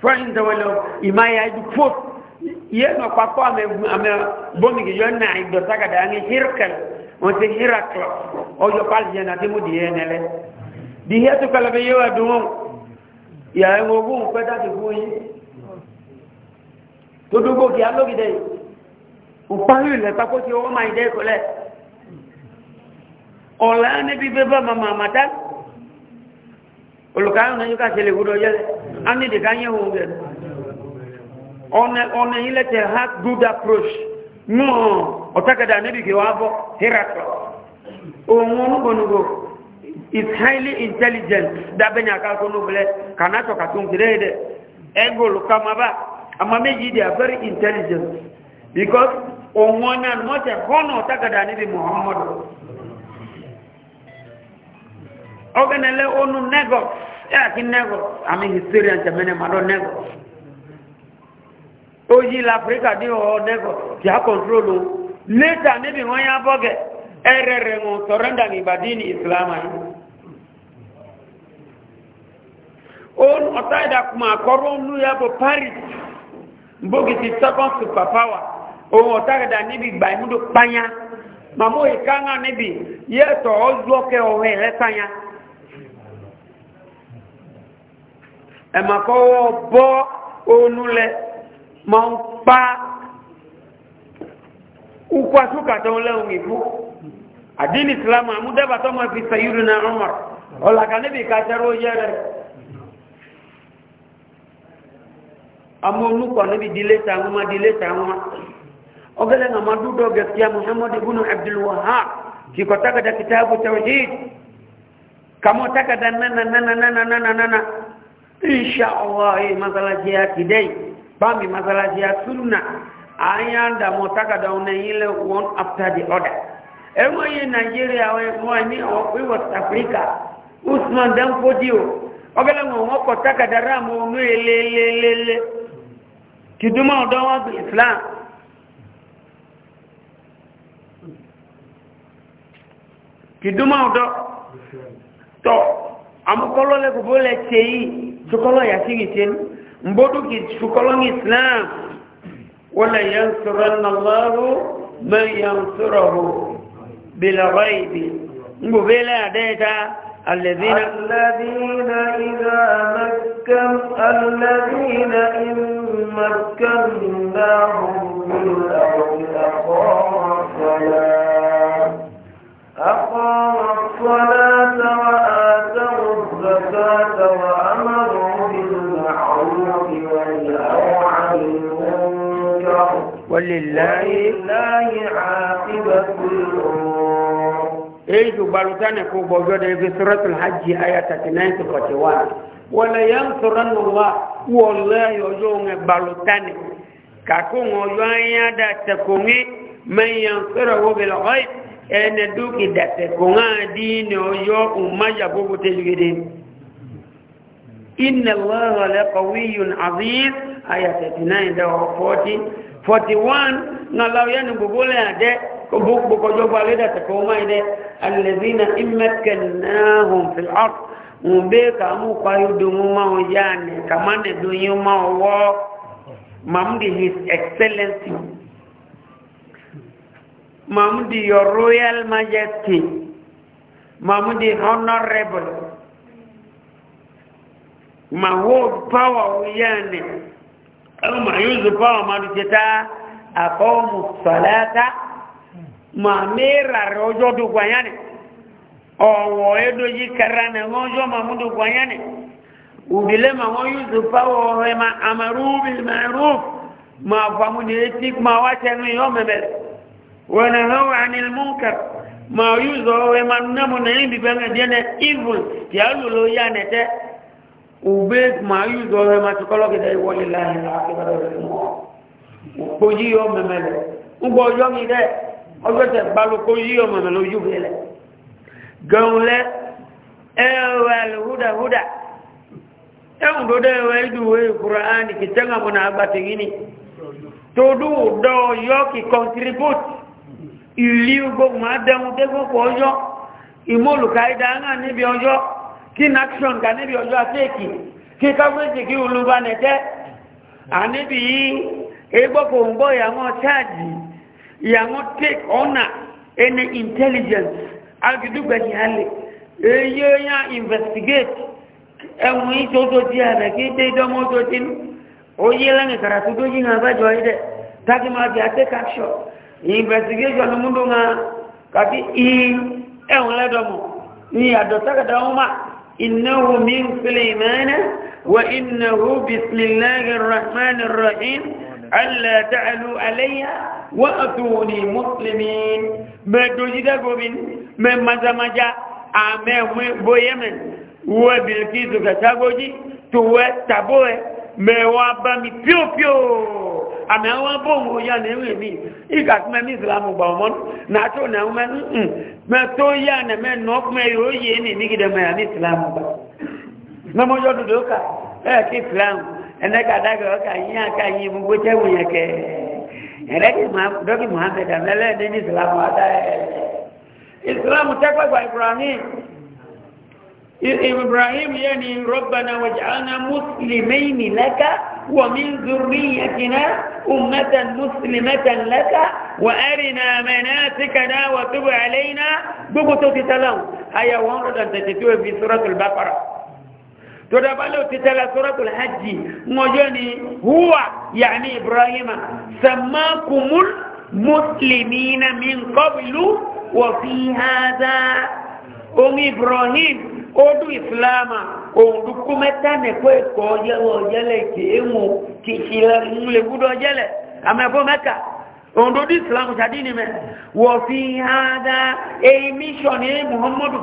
fọ́yìn dọ̀wọ́lọ́ ìmáyà ẹ̀dù fóòt yẹ́ nà pàpọ̀ àmì bọ́mìgì yọ nà ìdọ̀ságàdà ní hírkẹ̀l wọ́n ti híraklọ̀ ọjọ́ na náà tí mo dì yẹn nẹ́lẹ́ di hẹ́ tó kẹlẹ́ bí yẹ́ wà dùn wọn ìyá ẹ̀ wọ́n wọ́n pẹ́ dáàbò fún yín tó dúgbò kí alógidẹ́ òpáyò ilẹ̀ pápó tí ọwọ́ máa ìdẹ́ ìkọlẹ̀ ọ̀la níbi bẹ́ẹ̀ bá màmá àmàdá olùkàyọ̀ náà yóò kà ani de ganye wo ge one one ile te ha good approach no otaka da nabi ge wa bo herato o ngonu is highly intelligent da benya ka ko no ble kana to ka tun grade egol kama ba ama meji they de very intelligent because ongona mote hono otaka da nabi muhammad ogenele onu negots yàtí nẹ́gọ̀ àmì historian tẹ̀mẹ́nẹ̀ màdọ́ nẹ́gọ̀ ó yí l'afrika dí ọ̀ nẹ́gọ̀ tí a kọ̀ntrólù létà níbi wọ́n yá bọ́gẹ̀ ẹ̀rẹ̀ rẹ̀ mọ̀ sọ̀rẹ́ndà ìbàdí ní islam ayé ó ọ̀tá ìdàkùnmọ̀ àkọ́rọ̀ ń lú yàbọ̀ paris bókìtì second super power ohun ọ̀tá ìdà níbi ìgbà ìmúdò pányá màmú ìkáńgá níbi yẹ́tọ̀ ọ́ ẹ̀mà kọ́wọ́ bọ́ onúlẹ̀ ma ń pa ukú asúkàtọ̀ lẹ́hùn ìbú àdínì islam àmúdẹ́bàtọ́ ma fi sàyúrù na ọmọ ọ̀làkà níbi kàtẹ́rọ yẹ rẹ̀ àmọ́ onúkọ̀ níbi díléta àwọn ọmọ díléta àwọn ọgẹ́lẹ́ na ma dúdọ̀ gẹ̀ẹ́sìá muhammad ibn abdul wahab kìkọ̀ takada kitabu tawhid kàmọ́ takada nana nana nana nana nana insha Allah masalaji ya kidai bami masalaji ya sunna ayanda motaka dauna ile one after the order. emo ye Nigeria we mo ni o we West Africa Usman dan podio ogele mo won ko taka daramo no elelelele kiduma odo wa Islam kiduma odo to amukolo le ko bole cheyi شكرا يا سيدي مبروك شكرا اسلام ولا ينصرن الله من ينصره بلا غيب بلا ديتا الذين الذين اذا مكن الذين ان مكنناهم من الارض اقام الصلاه اقام الصلاه واتوا الزكاه walillahi aqibatul umur eyi ju balutane ko bojo de fi suratul hajj aya 39 to 41 wala yansuranna allah wallahi ojo nge balutane ka ko ngoyo anya da te ko ngi man yansura wo bil ghaib ene duki da te ko ngadi ne oyo umaja bobo te jugede inna allaha la qawiyyun aziz aya 39 da 40 41 na law yani gugule ade bukbu ko jogba le da ko mai de allazina immakannahum fil ard umbe ka mu kwa yudum ma o yani kamane dunyo ma wo mamdi his excellency mamdi your royal majesty mamdi honorable ma wo power yani ọmọ yóò zùkọ́ ọmọ dùkẹta àkọ́ọ̀mù sọ̀láta ma mẹ́ra rẹ̀ ọjọ́ dùkwáyá ni ọ̀wọ̀ ẹdọ́jì kẹra nà wọ́n ọjọ́ ma mú dùkwáyá ni òbílẹ̀ ma wọ́n yóò zùkọ́ ọ̀rẹ́ ma àmàrúbì mẹ́rú ma fàmù ní etí ma wá tẹnu yọ mẹ́bẹ̀rẹ̀ wọ́n nà lọ́wọ́ àníl múnkà ma yóò zọ ọ̀rẹ́ ma nàmù nà ní bíbẹ́ ube mayu dɔwɛ ma tukɔlɔ kita yi wɔli la yi la ake ba dɔwɛ ni mɔ kpodzi yɔ mɛmɛ lɛ ŋgbɔ yɔ mi dɛ ɔdɔ tɛ balo kpodzi yɔ mɛmɛ lɛ ojú bi lɛ gɛwò e lɛ ɛwɛ lɛ huda huda ɛwù e do dɛ ɛwɛ idu wɛ kura ani kìtɛ ŋa mo na agbate yini todu dɔ yɔ ki contribute ìlí gbogbo ma dɛmu dɛ gbogbo ɔyɔ ìmọ̀lùkà yi da ŋa níbi ɔyɔ. kí naction ga níbi ọjọ́ àtẹ́ẹ̀kì kí káfíńtì kí olúwa nẹ̀tẹ́ àníbi yìí egbọ́kò ń gbọ́ ìyàwó ṣáàjì ìyàwó take honor any intelligence agidúgbẹ̀ni alẹ́ èyí yá investigate ẹ̀wọ̀n yìí tó tó ààrẹ kí déédọ́mọ́ tó ti ní oyé tó yí hàn máa bí take action investigation múndùn ẹ̀wọ̀n àdọ̀tàkàdà máa إنه من سليمان وإنه بسم الله الرحمن الرحيم ألا تعلوا علي وأتوني مسلمين ما دوجد قبل من مزمجا أمام بويمن وبالكيس كتابوجي توه تابوه ما وابا مي بيو بيو àmì àwọn bóòwò yà ní ewé mi ìgbà tí mẹ́mí ìsìlámù gbà ọmọ náà tó nà na mẹ́ tó yà nà mẹ́ nà ọkùnrin yóò yé ní nígidẹ̀ mẹ́ àmì ìsìlámù gbà mẹ́mọ́jọ́ dùdú kà ẹ̀ kí ìsìlámù ẹ̀nẹ́kà ọkà yín àkà yín gbogbo kẹ́ ومن ذريتنا أمة مسلمة لك وأرنا مناسكنا وتب علينا بقطو تتلو هيا 132 في سورة البقرة تدبلو تتلى سورة الحج مجاني هو يعني إبراهيم سماكم المسلمين من قبل وفي هذا أم إبراهيم odu islama òun dúkú mẹ́ta nìkó ẹ̀kọ́ yẹ́wọ̀ yẹ́lẹ̀ kéèmù kìí islam ṣàdínì mẹ́ wọ́n fi hádá èyí mission ní muhammadu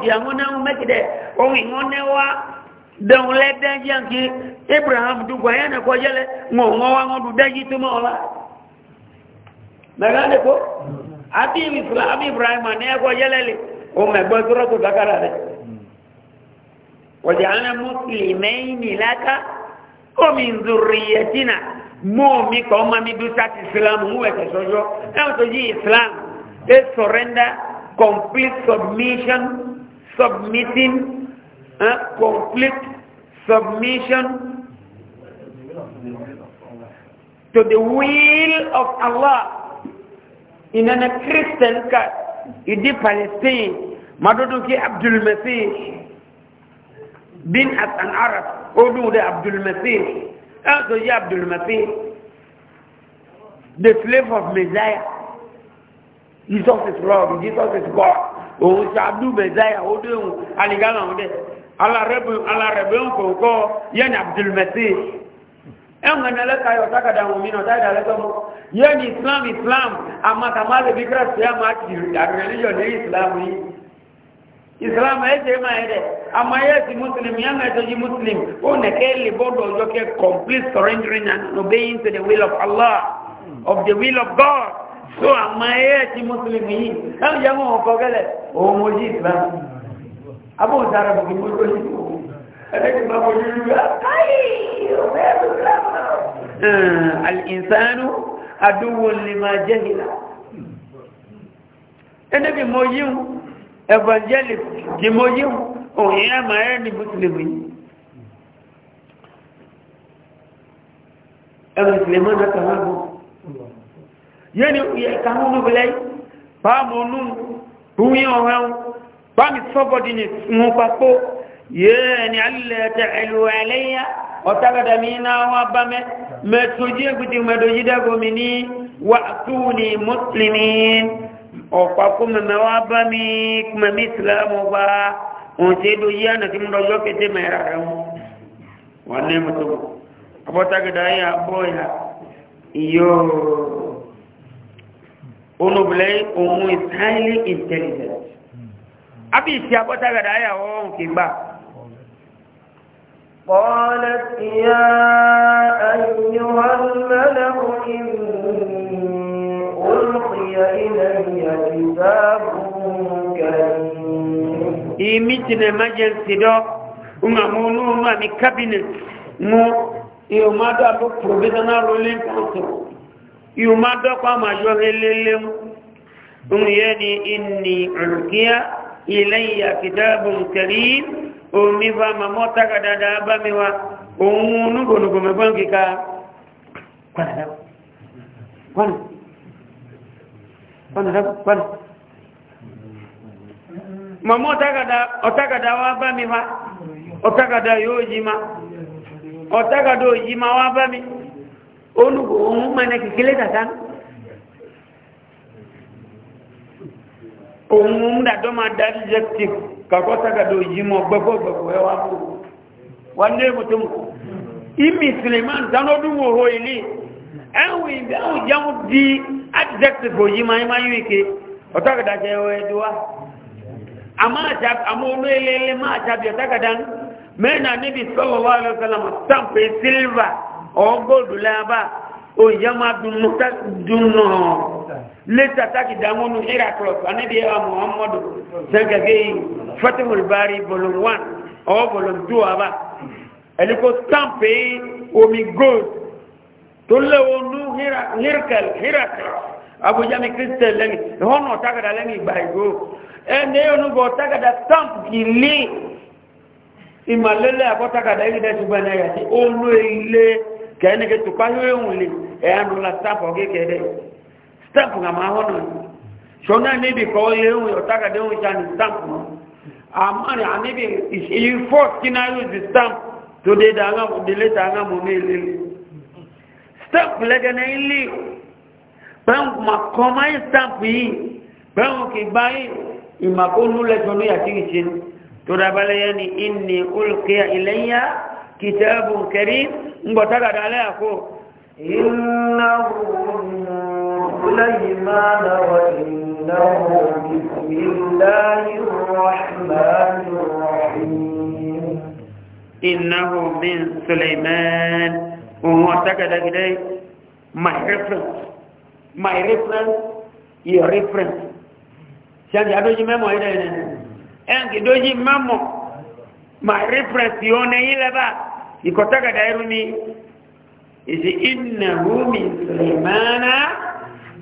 ohun ìwọ́n náà dẹ̀hùn lẹ́dẹ́ yànkí ibrahim dúkú ayé nìkó yẹ́lẹ̀ wọn wọn wá wọn dúdẹ́ yìí waj'alna muslimaini laka wa min dhurriyyatina mo mi ko ma mi du sat islam mu e ke sojo na to islam e surrender complete submission submitting uh, complete submission to the will of Allah in an Christian cut idi Palestine madudu ki Abdul Masih bin hasan arab odun de abdulmasih ah, ẹn tó yí abdulmasih the slave of messiah jesus is lord jesus is god òun ṣe abdul messiah ó dé òun àlìgánà òun dẹ alárẹ̀bẹ̀ ń kò kọ́ yẹn ni abdulmasih ẹ̀wọ̀n ẹ̀lẹ́ka yọ sákàdà wọn mìíràn táìdà lẹ́tọ́mọ́ yẹn ni islam islam àmàkàmálẹ̀ bí christian máa ti religion ní islam yìí islam ẹ̀jẹ̀ máa ẹ̀rẹ̀ àmọ́ ayẹ́sì muslim yẹn máa ẹ̀tọ́jú muslim ó nẹ̀kẹ́ lè bọ́dọ̀ ọjọ́ kẹ́ complete surrendering and obeying to the will of allah of the will of god so àmọ́ ayẹ́sì muslim yìí láwọn jẹ́ wọn kọ́ gẹ́lẹ̀ òun mo jí islam abóhùn sára bùkún mo tó yìí ẹlẹ́gbẹ̀ẹ́ bá wọlé lórí àkáyé ọ̀fẹ́ islam alìsánú adúwò lè máa jẹ́ ìlà ẹnẹ́bì mo yíhun evangelic tí mo yí òyìn àmà ẹ́ ní muslim yìí ẹ̀rùn ìsìlẹ̀mọ́ náà kàwà bọ̀ yẹ́ ni ìkàwọn olúbẹ̀lẹ̀ pàmò nù rúyìn ọ̀rẹ́un pàmì sọ́bọ̀dì ní mú papò yẹ́ ni alẹ́ tẹ̀lú ẹlẹ́yà ọ̀tàgàdà mi náà wá bá mẹ́ mẹ́tòjú èkúté mẹ́dòjídẹ́gòmí ní wàtúù ní muslimin ọ̀pá kó mẹ́mẹ́ wá bá mi kúmẹ́ mi ìsìlámù bá òun ṣe ló yí ànà tí mo lọ́jọ́ kété mẹ́ra rẹ̀ wọn wà ní mọ́tò abọ́tagidá yà bọ́ yà ìyó olùbìlẹ̀ òun is highly intelligent àbí ìṣe abọ́tagidá yà wọ́n kì gbà قالت يا أيها الملأ إني imiti na emergency dɔ nga mu nu nu ami cabinet mu iyo ma do abo provisional ruling council iyo ma do ko ama yo helele mu nga ye ni inni ulkiya ilayya kitabun karim o mi ba ma mota ka dada ba mi wa o mu nu go nu go me ban ki ka kwana kwana pọ́nà mọ̀mọ́ ọ̀tàgàdà wá bá mi wá ọ̀tàgàdà yóò yí ma ọ̀tàgàdà ò yí ma wá bá mi olùgbò òun mẹ́nà kìkílẹ̀ tàtà òun mú dàdọ́ ma dá dìjẹ́kì kàkọ́ tàgàdà ò yí ma gbẹ́gbẹ́gbẹ́gbẹ́ wá mú wá ní èmùtẹ́mù ìmì sìlẹ̀mán tánọ́dún wòho ilé ẹ̀wù ìbí ẹ̀wù jẹun di adjective yìí máa ń máa yún ike ọ̀tọ́kadà jẹ́ ẹ̀wọ̀ ẹ̀dùn wa àmọ́ olú eléle máa jáde ọ̀tọ́kadà ń mẹ́rin níbi sọ́lọ̀ wà lọ́sọ̀lọ́mọ̀ stamp silver or gold lẹ́yàbá òyìnbó máa dunnà létà tákì dàmúnú iraklos muhammadu sẹ́gẹ̀gẹ́ yìí fatihul bari volume one or volume two àbá ẹ̀lẹ́kọ̀ omi gold tolle wonu hira hirkal hirakra abu jami kristel lengi hono tagada lengi baigo ende yonu go tagada stamp kili imalele abo tagada ile subana ya ti onu ile kene ke tupayo yonle e andu la stamp oge kede stamp ngama hono shona ni bi ko ile yo tagada yo chan stamp no amani anibi is you force kinayo stamp danga mo ne stamp lẹ́dẹ̀ náà ń lè bẹ́ẹ̀ ma kọ́ máa ń stamp yìí bẹ́ẹ̀ wọn kì í bá yìí ìmàkónú lẹ́jọ́ ní àti ìṣẹ́nu tó dábàlẹ̀ yẹn ni ìní olùkẹ́ ìlẹ́yà kìtẹ́bù kẹrí ń gbọ́ tágàdá alẹ́ àkó. ìnáwó سليمان وإنه بسم الله الرحمن الرحيم إنه من سليمان wọn tẹ́gẹ̀dẹ́gẹ́dẹ́ my reference my reference your reference ṣẹ́ndì adójí mẹ́mọ̀ ilẹ̀ ilẹ̀ ẹ̀ǹkì dójí mẹ́mọ̀ my reference yóò ní ilẹ̀ bá ikọ̀ tẹ́gẹ̀dẹ́ irú ni ìsì ìnàwó mi sùlẹ̀mánà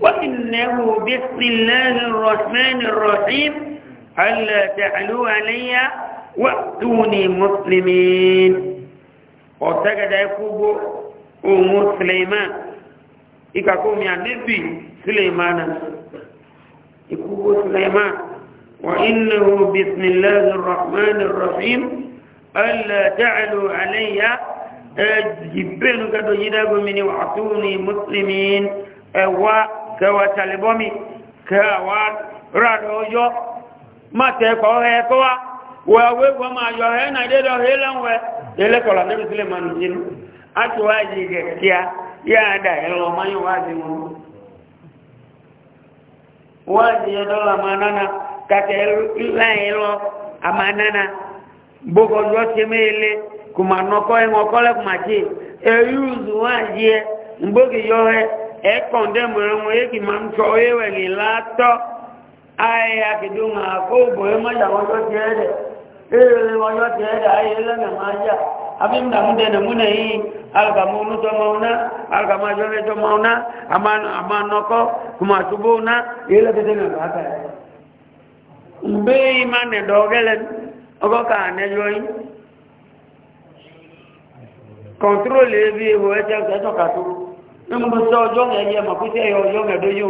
وإنه بسم الله الرحمن الرحيم ألا تعلوا علي وأتوني مسلمين وتجد يكوبوا umu suleiman ikakomi anibi suleimana ikubo suleiman wa innahu bismillahi rrahmani rrahim alla ta'alu alayya jibenu kado yidago mini wa atuni muslimin wa kawa talibomi kawa radojo mate ko he ko wa wa we go ma yo na de do he lanwe ele ko la nabi suleiman jinu ake waje gaskiya ya da yalo mai waje mu waje ya dola manana kata ila yalo amanana bogo yote mele kuma noko en okole kuma ti e yuzu waje mbogi yohe e konde mu e ki man so e we ni lato aya kiduma ko boye ma ya e wote ede ee eh, wọ́yọ́ tẹ́ ẹ̀dà ayé lẹ́nà máa yà abimda mudene mune hii alga munu to mauna alga majone to mauna aman amanoko kuma tubuna ile kitene kata mbe imane dogelen ogo ka ne yoyi control ebi ho eje to katu nmu so ojo nge ye ma ku se yo yo nge do yu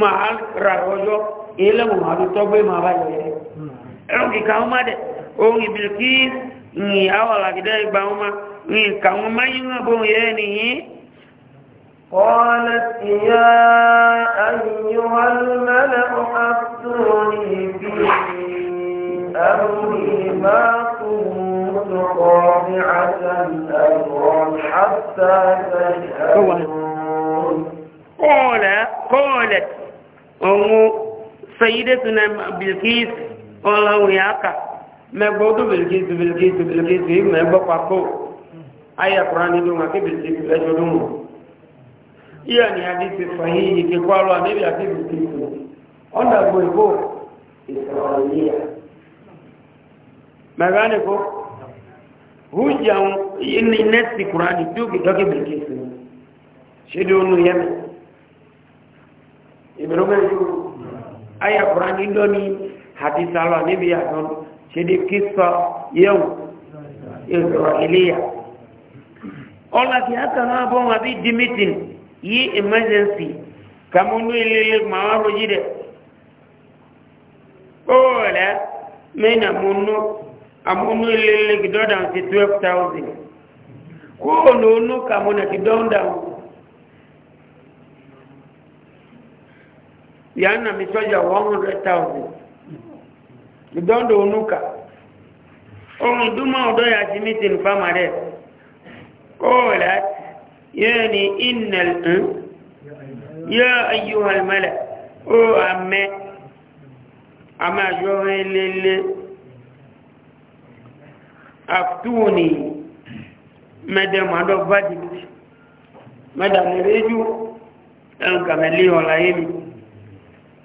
máa ra ọjọ́ ilẹ̀ wọn àti tọ́gbẹ́ máa bá yọ yẹ ẹ̀rùn kìkà wọn má dẹ̀ ohun ìbìlì kí ní àwọn àlàgídẹ́ ìgbà wọn má ní ìkà wọn má yí wọn bóun yẹ nìyí. قالت يا أيها الملأ ọ̀hún sayidatuna bilkis ọlọ́run aka kà mẹ́gbọ́dọ̀ bilkis bilkis bilkis yìí mẹ́gbọ́ pàkó ayé kura ni dùn bilkis ẹjọ́ dùn mọ́ ni iyi ti fàyè yìí kíkọ́ bilkis ọ̀nà gbòǹgbò ìsọ̀rọ̀ yìí mẹ́gbàánì kó hujjan hujan nẹ́ẹ̀sì kura ni dùn ìbẹ̀rẹ̀ yóò ayé àkùrá ní lọ́ní àti sálọ níbi àtọ́ ṣèdè kí sọ yẹ̀wò ìrọ̀ iléyà ọ̀là kí àtàwọn abọ́ wọn àbí di mítìn yí emergency kàmúnú ilé màá rojí dẹ̀ ó rẹ̀ mẹ́nà múnú àmúnú ilé gidọ́dà ti twelve thousand kó ònà onú kàmúnà gidọ́dà yana misoja 100,000 idondo onuka ohun iduma odo ya ti mitin fama rẹ kọ́ọ̀lá yẹ́ ni inal ń eh? yẹ́ ayyuhal mẹ́lẹ̀ ó àmẹ́ àmẹ́ àjọrin lélé àftúni mẹ́dẹ̀mọ́dọ́ bá jìbìtì mẹ́dàmẹ́rẹ́jú ẹnkàmẹ́lẹ́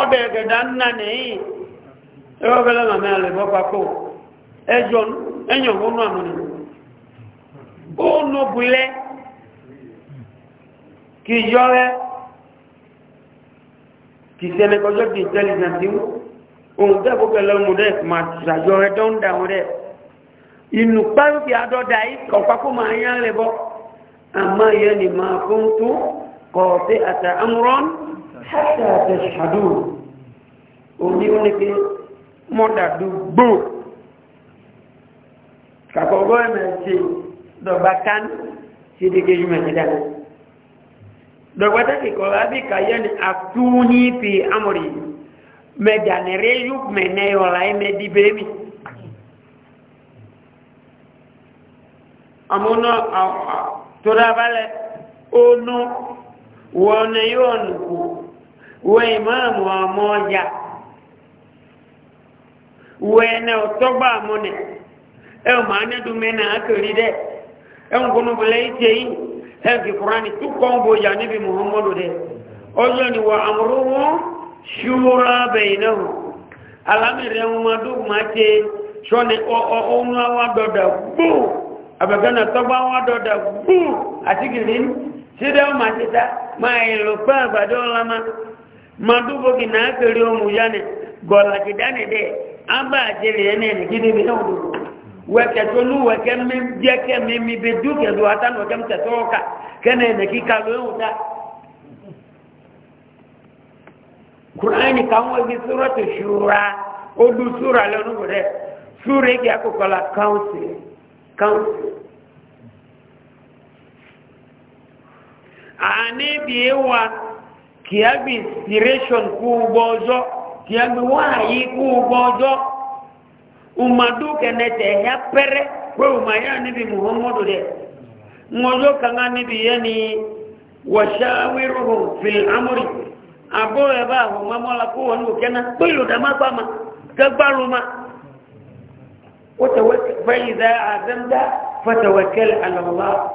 ọdẹ ẹ̀gẹ̀dà na nìyí ẹgbẹ́gbẹ́lẹ́ màmí àlèbọ́ papọ̀ ẹjọ́ ẹ̀yàn wọnú àmúni ó nọ kì í rẹ kì í kọjọ́ di intelligent ohun tẹ́ kó kẹlẹ́ ọmọ rẹ mà rẹ tó ń wọn rẹ inú adọ́dà yìí máa yán ni máa fún hátà tẹ̀ṣàdù òní ó ní pé mọ́dàdù gbò kàkọ́gọ́ ẹ̀mẹ̀ ṣe dọ̀gbà kán sí dìgbé yìí mẹ́rin dáná dọ̀gbà tẹ́kì kọ̀ọ̀lá bí kàyẹ́ ni àtúnyí fi amòrì mẹ́dànẹ̀rẹ́ yóò mẹ́nẹ́ ọ̀la ẹ̀mẹ́dì bẹ́ẹ̀ mi. amúná tó dábàlẹ̀ ó nú wọ́n ní yóò nù we imamu wa moja wene otoba mone e maana dumena akoride e ngono buleite yi e ki qur'ani tu ya nabi muhammadu de ojo ni wa amruhu shura bainahu alamire umadu mate shone o o wa bu abagana toba wa bu sida ma tita ma ilo pa madubo na kere omu yane gola ki dane de aba ajele ene ni kini bi no weke to nu weke mi jeke mi mi be du ke do atan weke mte toka kene ka lo uta qur'ani kan shura o du sura lo nu de sura ki akokola council council ane bi wa kiagbe inspiration kuugbo ọjọ kiagbe wáyé kuugbo ọjọ umadu kẹnẹtẹ ya pẹrẹ pé umaya níbi muhammadu dẹ ŋọjọ kanga níbi yẹ ni wasawiruhu fil amuri abo yẹ bá àwọn mamọla kó wọn kò kẹna pẹlú dama gbà ma gẹgbàlú ma o tẹ wẹ fẹyìí dá àzẹmdá fẹtẹwẹkẹlẹ alọlá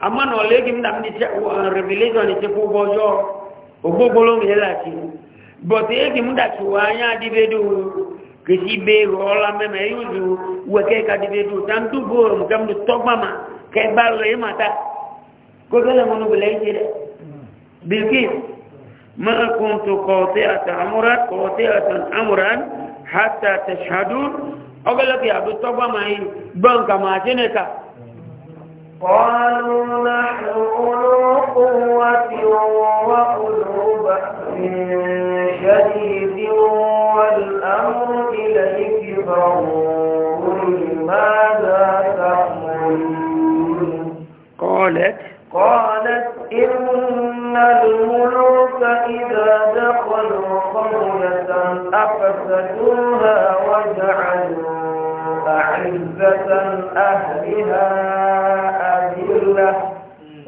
amánà ọlẹgìmdàmì ní sẹ revelation ní sẹ kó bọjọ ogbogbo yẹn láti bọ̀tí èkì e múdàtí wà áyá dìbédò kìsí bèèrè ọlá mẹ́mẹ́ e yóò zò wẹ́kẹ́ ka dìbédò tàbí bóòrò mùkàmù tọ́gbàmà kẹgbà lọ yìí màtá kókẹ́lẹ̀ mọ́nú bẹ̀lẹ̀ yìí rẹ̀ bìkì mẹ́kùn tó kọ̀ọ̀tẹ́ àtà àmúra kọ̀ọ̀tẹ́ àtà àmúra hàtà tẹ̀sàdù ọgọ́lọ́kì àdó tọ́gbàmà yìí gbọ́n kàmà àti nìka. قالوا نحن أولو قوة وقلوب شديد والأمر إليك فانظري ماذا تأمرين قالت قالت إن الملوك إذا دخلوا قرية أفسدوها وجعلوا أعزة أهلها أذلة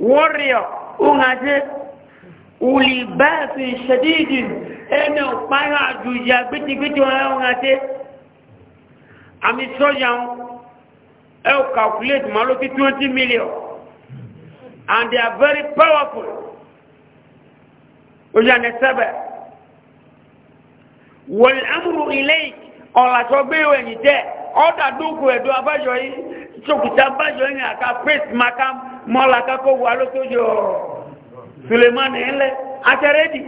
warrior ungaje ulibasi shadidi ene upaya ajuja gbiti gbiti wala ungaje ami soja e o calculate malo ki 20 million and they are very powerful oja ne sebe wal amru ilayk ola so gbewe ni de oda duku edo abajo yi sokuta abajo ni aka face makam mọ́la kákó wà lótójò sulemani ẹlẹ́ atẹ́rẹ́dì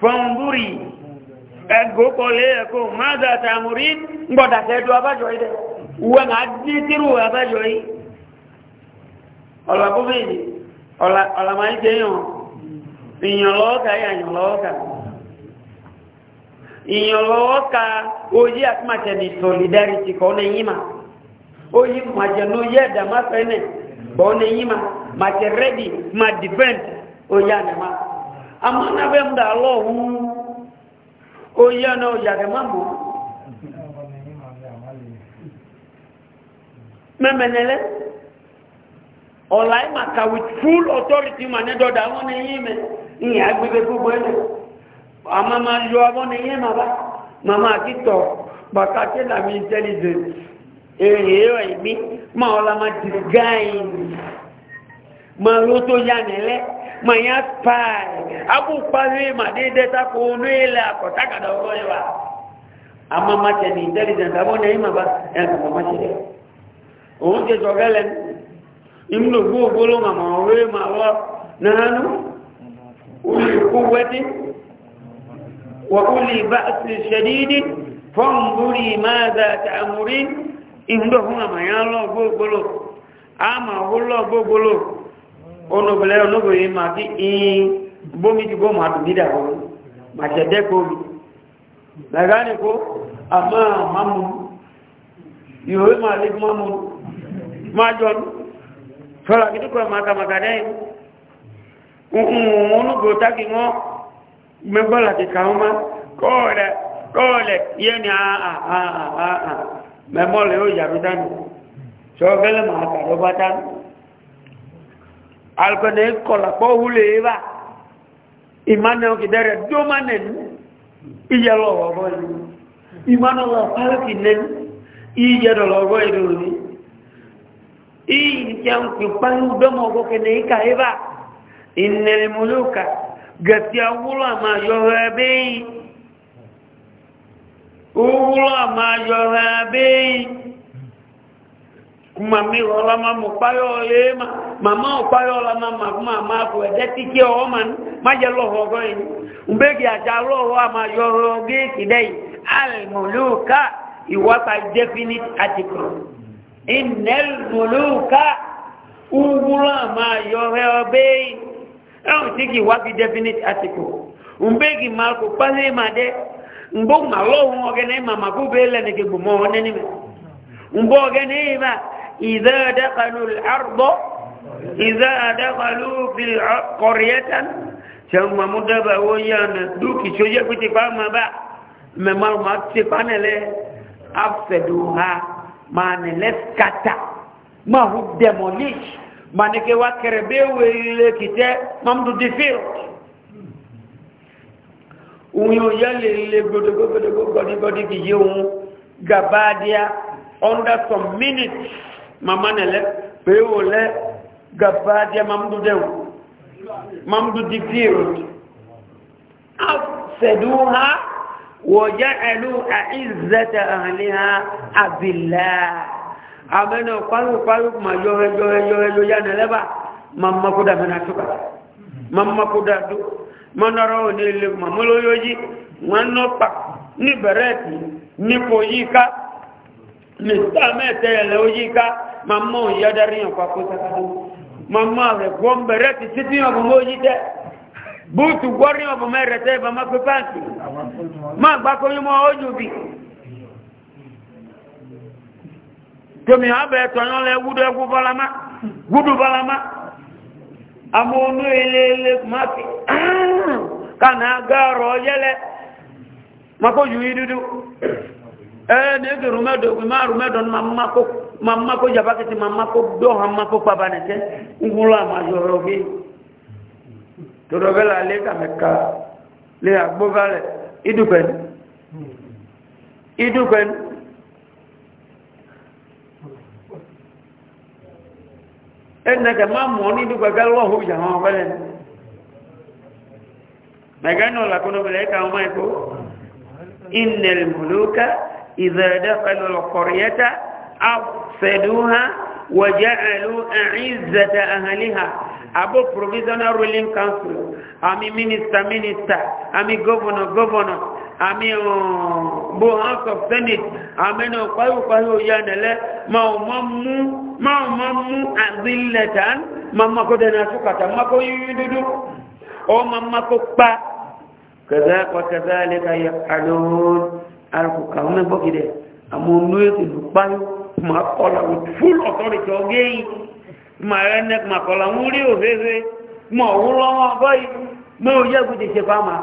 fọ́ndúrì ẹgbókọlẹ̀ ẹ̀kọ́ mọ́dá tàmùrí gbọ́dà abájọ́ ìdẹ̀ wọ́n á dí tírù àtúmàtẹ̀ ní solidarity kọ́ ní yíma oyi majẹnu yẹ dama fẹnẹ bọn ne yi ma majẹ rẹdi ma dipẹnd oyi anama amana bẹ mu da lọ hu oyi ana oyi adama Ma mẹmẹnẹ lẹ ọla yi ma ka with full authority ma ne dọ da bọn ne yi mẹ ìyẹn agbẹbẹ gbogbo ẹ lẹ ama ma yọ bọn ne yi ma ba mama ti tọ bàtà ti lami intelligence. èyíwọ̀ ìbí ma ọlá ma dìgáìn ma ló tó yà nílẹ̀ ma yá pàì abúparí ma dédé tako onú ilẹ̀ àkọ̀tàkàdà ọgbọ́n wa a ma ma tẹ̀ ní intelligent abọ́ ní ẹ̀yìn bàbá ẹ̀kọ̀ ma ṣe rẹ̀ òun ti sọ gẹ́lẹ̀ ìmúlò gbogbo ló ma ma ọ̀rẹ́ ma lọ nánú olùkú wẹ́tí wọ́n kú lè bá ṣe ṣẹ́dídí fọ́nbúrì máa dà tàmúrí ìhùndọ̀ fún àmàyà lọ́gbọ́gbọ́lò àmà owó lọ́gbọ́gbọ́lò onóbìnrin onóbìnrin ma kí in bómi ti bó máa ma ma máa jọnu fọ́lá kí dúkọ̀ makamaka dẹ́yìn onúgbò tákì kàwọn kọ́ọ̀lẹ̀ yẹ́ ni àà àà àà mẹ́mọ́ lè ó yàrú dánù ṣọ́gẹ́lẹ̀ máa kàrọ bá dánù alùpẹ̀lẹ̀ kọlàpọ̀ wúlẹ̀ yìí bá ìmánà òkìdẹ́rẹ̀ dómanẹ̀ ìyẹ̀lọ̀ ọ̀rọ̀ ìlú ìmánà ọ̀pálẹ̀kì nẹ́nu ìyẹ̀dọ̀lọ̀ ọ̀rọ̀ ìlú rí ìjẹun pípáyú dọ́mọ̀ ọgọ́kẹ́ni ìkà yìí bá ìnẹ̀lẹ̀mọ̀lọ́kà gẹ̀ẹ́sì awúlọ̀ uwula ma mi ma mo ọrụ le ma mama ma ma kuma ma ko ẹdẹ ma ma jẹ lọhọ ọgọ yìí nbẹ kì àjà lọhọ a ma yọrọ géèkì dẹ yìí alimuluka ìwáta definite article inelmuluka uwula ma yọra be yìí definite article ma ma mbo malọ́run ọgẹ́ ní màmá kó bẹ́ẹ̀ lẹ́nu kí gbòmọ́ ọ nẹ́ni mẹ́ mbo ọgẹ́ ní ìmá ìdá àdákanú àrùbọ́ ìdá àdákanú fi kọ̀rìẹ́tà sẹ́wọ́n mamu dábà ó yá ọ̀nà dúkì tí ó yẹ pété pa máa bá ma ti pa nílẹ̀ afẹ́dù ha máa nílẹ̀ kàtà máa hù demolish máa ní kí wá kẹrẹ bẹ́ẹ̀ wẹ̀ lẹ́kìtẹ́ mamudu di field òun yóò yá lè le gbódógbódógbó gọdígọdí kì yé gabadia under some minutes màmá nẹ̀lẹ́ pé ó lẹ́ gàbáadíá mamudu dẹ̀wò mamudu di period afẹ́dú ha wọ̀já ẹ̀lú àìzẹ́tẹ̀ àhàlẹ́ ha àbìlá àmẹ́nà kwárùkwárù mà yọ́rẹ́yọ́rẹ́yọ́ yánà lẹ́bà mamakúdà mẹ́nà túkà mamakúdà dúkà mọ́nọ́rọ́ òní ilé mọ̀mọ́lóyójí wọ́n ń nọ́pà ní bẹ̀rẹ̀tì nípo yíká mr mẹ́tẹ̀ ẹ̀lẹ́ oyíká màmá òyádàríyàn papọ̀ sákàtà màmá rẹ̀ gbọ́n bẹ̀rẹ̀tì títí ọ̀bùn mọ́yí tẹ́ búùtù ma ọ̀bùn mẹ́rẹ̀ ma bàmá pé pàǹtì má gbá bi mọ́ ojú bì tòmí abẹ́ tọ̀yán lẹ amonu elele maki [clears throat] kana garo yele mako yui dudu eh ne gero medo ma ru medo mamma ko mamma ko jaba kiti mamma ko do hamma ko baba ne te ngula ma yoro bi to do bela meka le agbo gale idupen ẹnna tẹ máa mọ̀ ní dùgbà gálọ́ ọ̀hún ìjà wọn ọ̀fẹ́lẹ̀ mẹ̀gánà làkúnnàbẹ̀lẹ̀ ẹ̀ka ọmọ ẹ̀kọ́ inel mọ̀lúkà ìzẹ̀ẹ̀dẹ́ pẹ̀lú ọ̀kọ̀rìyẹ́ta afẹ́dúhá wọ̀jẹ́ ẹ̀lú ẹ̀rìnzẹ̀tẹ̀ ahàlíhà abo provisional ruling council àmì minister minister àmì governor governor àmì bó house of senate àmìnà pàríwòpàrí òyà nẹ̀lẹ́ ma ò mọ́ mú àzílẹ̀ta ma ma kó dẹ̀nà àtúkàtà ma kó yíyí dúdú ó ma ma kó pa kẹzẹ́kọ̀kẹzẹ́ alẹ́ka yẹ àdóhùn alùkùkà ọmọ ìgbọ́gidẹ̀ àmọ́ onú ètò pàríwò ma kọ́lá with full authority ọgẹ́yìn ma rẹ̀ nẹ́kùn ma kọ́lá ń rí òféfé ma òwúrọ̀ wọn bọ́yìí mọ́ òyà gùdì ṣe fáma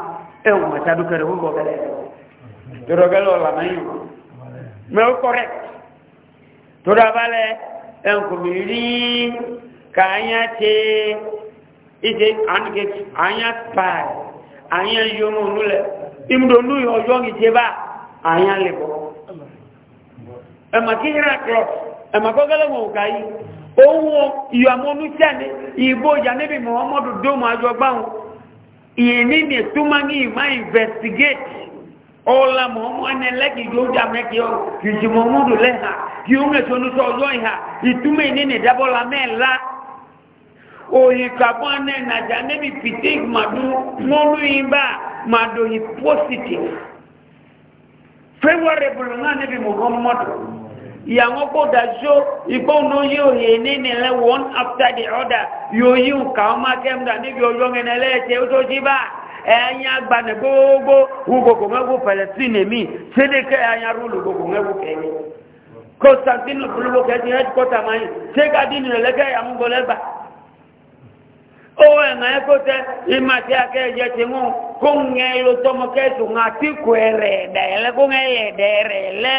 ẹ ò mọ̀ sádù kẹrẹ ó bọ̀ bẹ̀rẹ̀ tọ́rọ bẹ́ẹ̀ lọ́la mẹ́yìn wọn mẹ́ ó kọ́rẹ́ tọ́rọ abalẹ̀ ẹ̀ ń kò mí rí kàáyá tẹ ìṣe àǹkẹ́tì àyà pàì àyà yọmọ onúlẹ̀ ìmúdòdú ọjọ́ ìṣe bá àyà lè bọ̀ ẹ̀mà kí hẹ́rà kọ̀ ẹ̀mà kọ́gẹ́lẹ́ wọn ò ká yìí ohun ìyàmọ́nú sẹ́ni ìbò ìyà níbi mọ̀ọ́mọ́dù dóòmù àjọgbáhùn iye nini etuma ni ma investigate ọ̀la mọ̀ ọmọ ẹni lẹ́kìdí ó dà mẹ́kì ọ ìjìmọ̀ múdù lẹ́hà kí mẹ́sọ ní sọ ọjọ́ ìhà ìtumẹ̀ ní ní dábọ́lá mẹ́la òyìn kàbọ́ ẹni nàjà níbi mọ́nú bá yìí positive favourable náà níbi ìyàwó kò dájú ìgbóhùnú yóò yè nínú ẹ̀ one after the other yóò yíò káwọn máa kẹ́mdà níbi ọjọ́ ẹ̀nà ẹlẹ́ẹ̀tẹ́ ó tó jí bá ẹ̀yìn agbanì gbogbo gbogbo mẹ́gbò pẹ̀lẹ́sìn èmi sídìkẹ́ ẹ̀yìn arúlù gbogbo mẹ́gbò kẹ́mi constantino gbogbo kẹ́sì headquarter máa yìí ṣégadínì lẹ́gẹ́ ìyàmúgbọ́lẹ́gbà ó ẹ̀nà ẹ̀kọ́ tẹ ìmàtí akẹ́yẹ ti mú kó ń yẹ ìlú tọmọ kẹ́sùn àtìkù ẹ̀rẹ̀ ẹ̀dẹ̀ ẹ̀lẹ́ kó ń yẹ ẹ̀dẹ̀ ẹ̀rẹ̀ ẹ̀lẹ́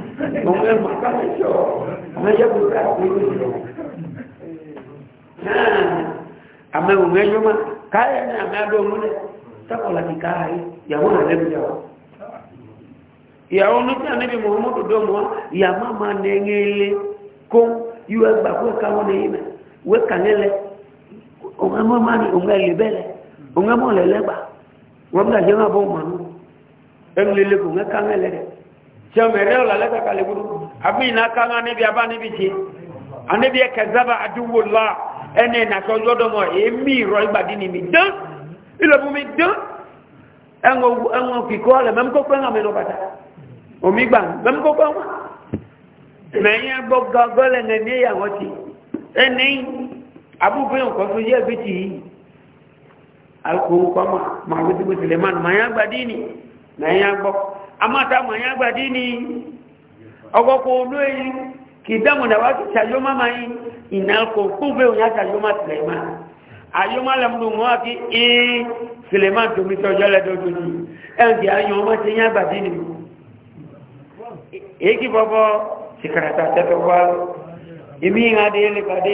Mọ̀mọ́lẹ́ mọ̀ káfí sọ, àmẹ́jẹ́ kúrò káfí ló lọ. está por òmẹ́jọ́ máa káyẹ̀ ní àmẹ́ àdó òmúlẹ̀ tọ́kọ̀lá ti káyẹ̀ ìyàwó náà lẹ́nu jà wá. Ìyàwó ní tí a níbi Mọ̀mọ́dù dọ́mọ́ ìyàmá máa nẹ ẹ̀yẹ ilé kó yíwá gbà kó ẹ̀ka wọn nìyí mẹ́ wé kànílẹ̀ òmẹ́mọ́ máa ní òmẹ́lẹ̀ bẹ́lẹ̀ òmẹ́mọ́ lẹ́lẹ́gbà wọ́n bí jẹmẹrẹ ọ̀la lẹ́gbẹ̀ kalẹ̀ gbúdú àbí iná kánú anábì abá níbi tí anábì ẹkẹzaba àdúgbò lá ẹni ìnàṣọ ọjọ́dọ̀mọ̀ èémí ìrọ̀ ìgbàdí ni mi dán ìlọ́bù mi dán ẹ̀wọ̀n kìkọ́ ọ̀lẹ̀ mẹ́mkókó ẹ̀hàn mẹ́nu bàtà omi gbà mẹ́mkókó wọn mẹ́yìn gbọ́gbọ́ gọ́lẹ̀ ẹni ìyàwó ti ẹni abúgbé ma tó yẹ bí ti alukórukọ́ ni màá wí amata manya gbadi ni ọgọ́kọ̀ olóyìn kì í dámọ̀dà wá kí ṣàyọ́má máa yí ìnàkọ̀ gbogbo òyìn Ayoma tìlẹ̀má àyọ́má lẹ́mú mọ́ kí í tìlẹ̀má tómi ni ẹ̀ǹdì gbadi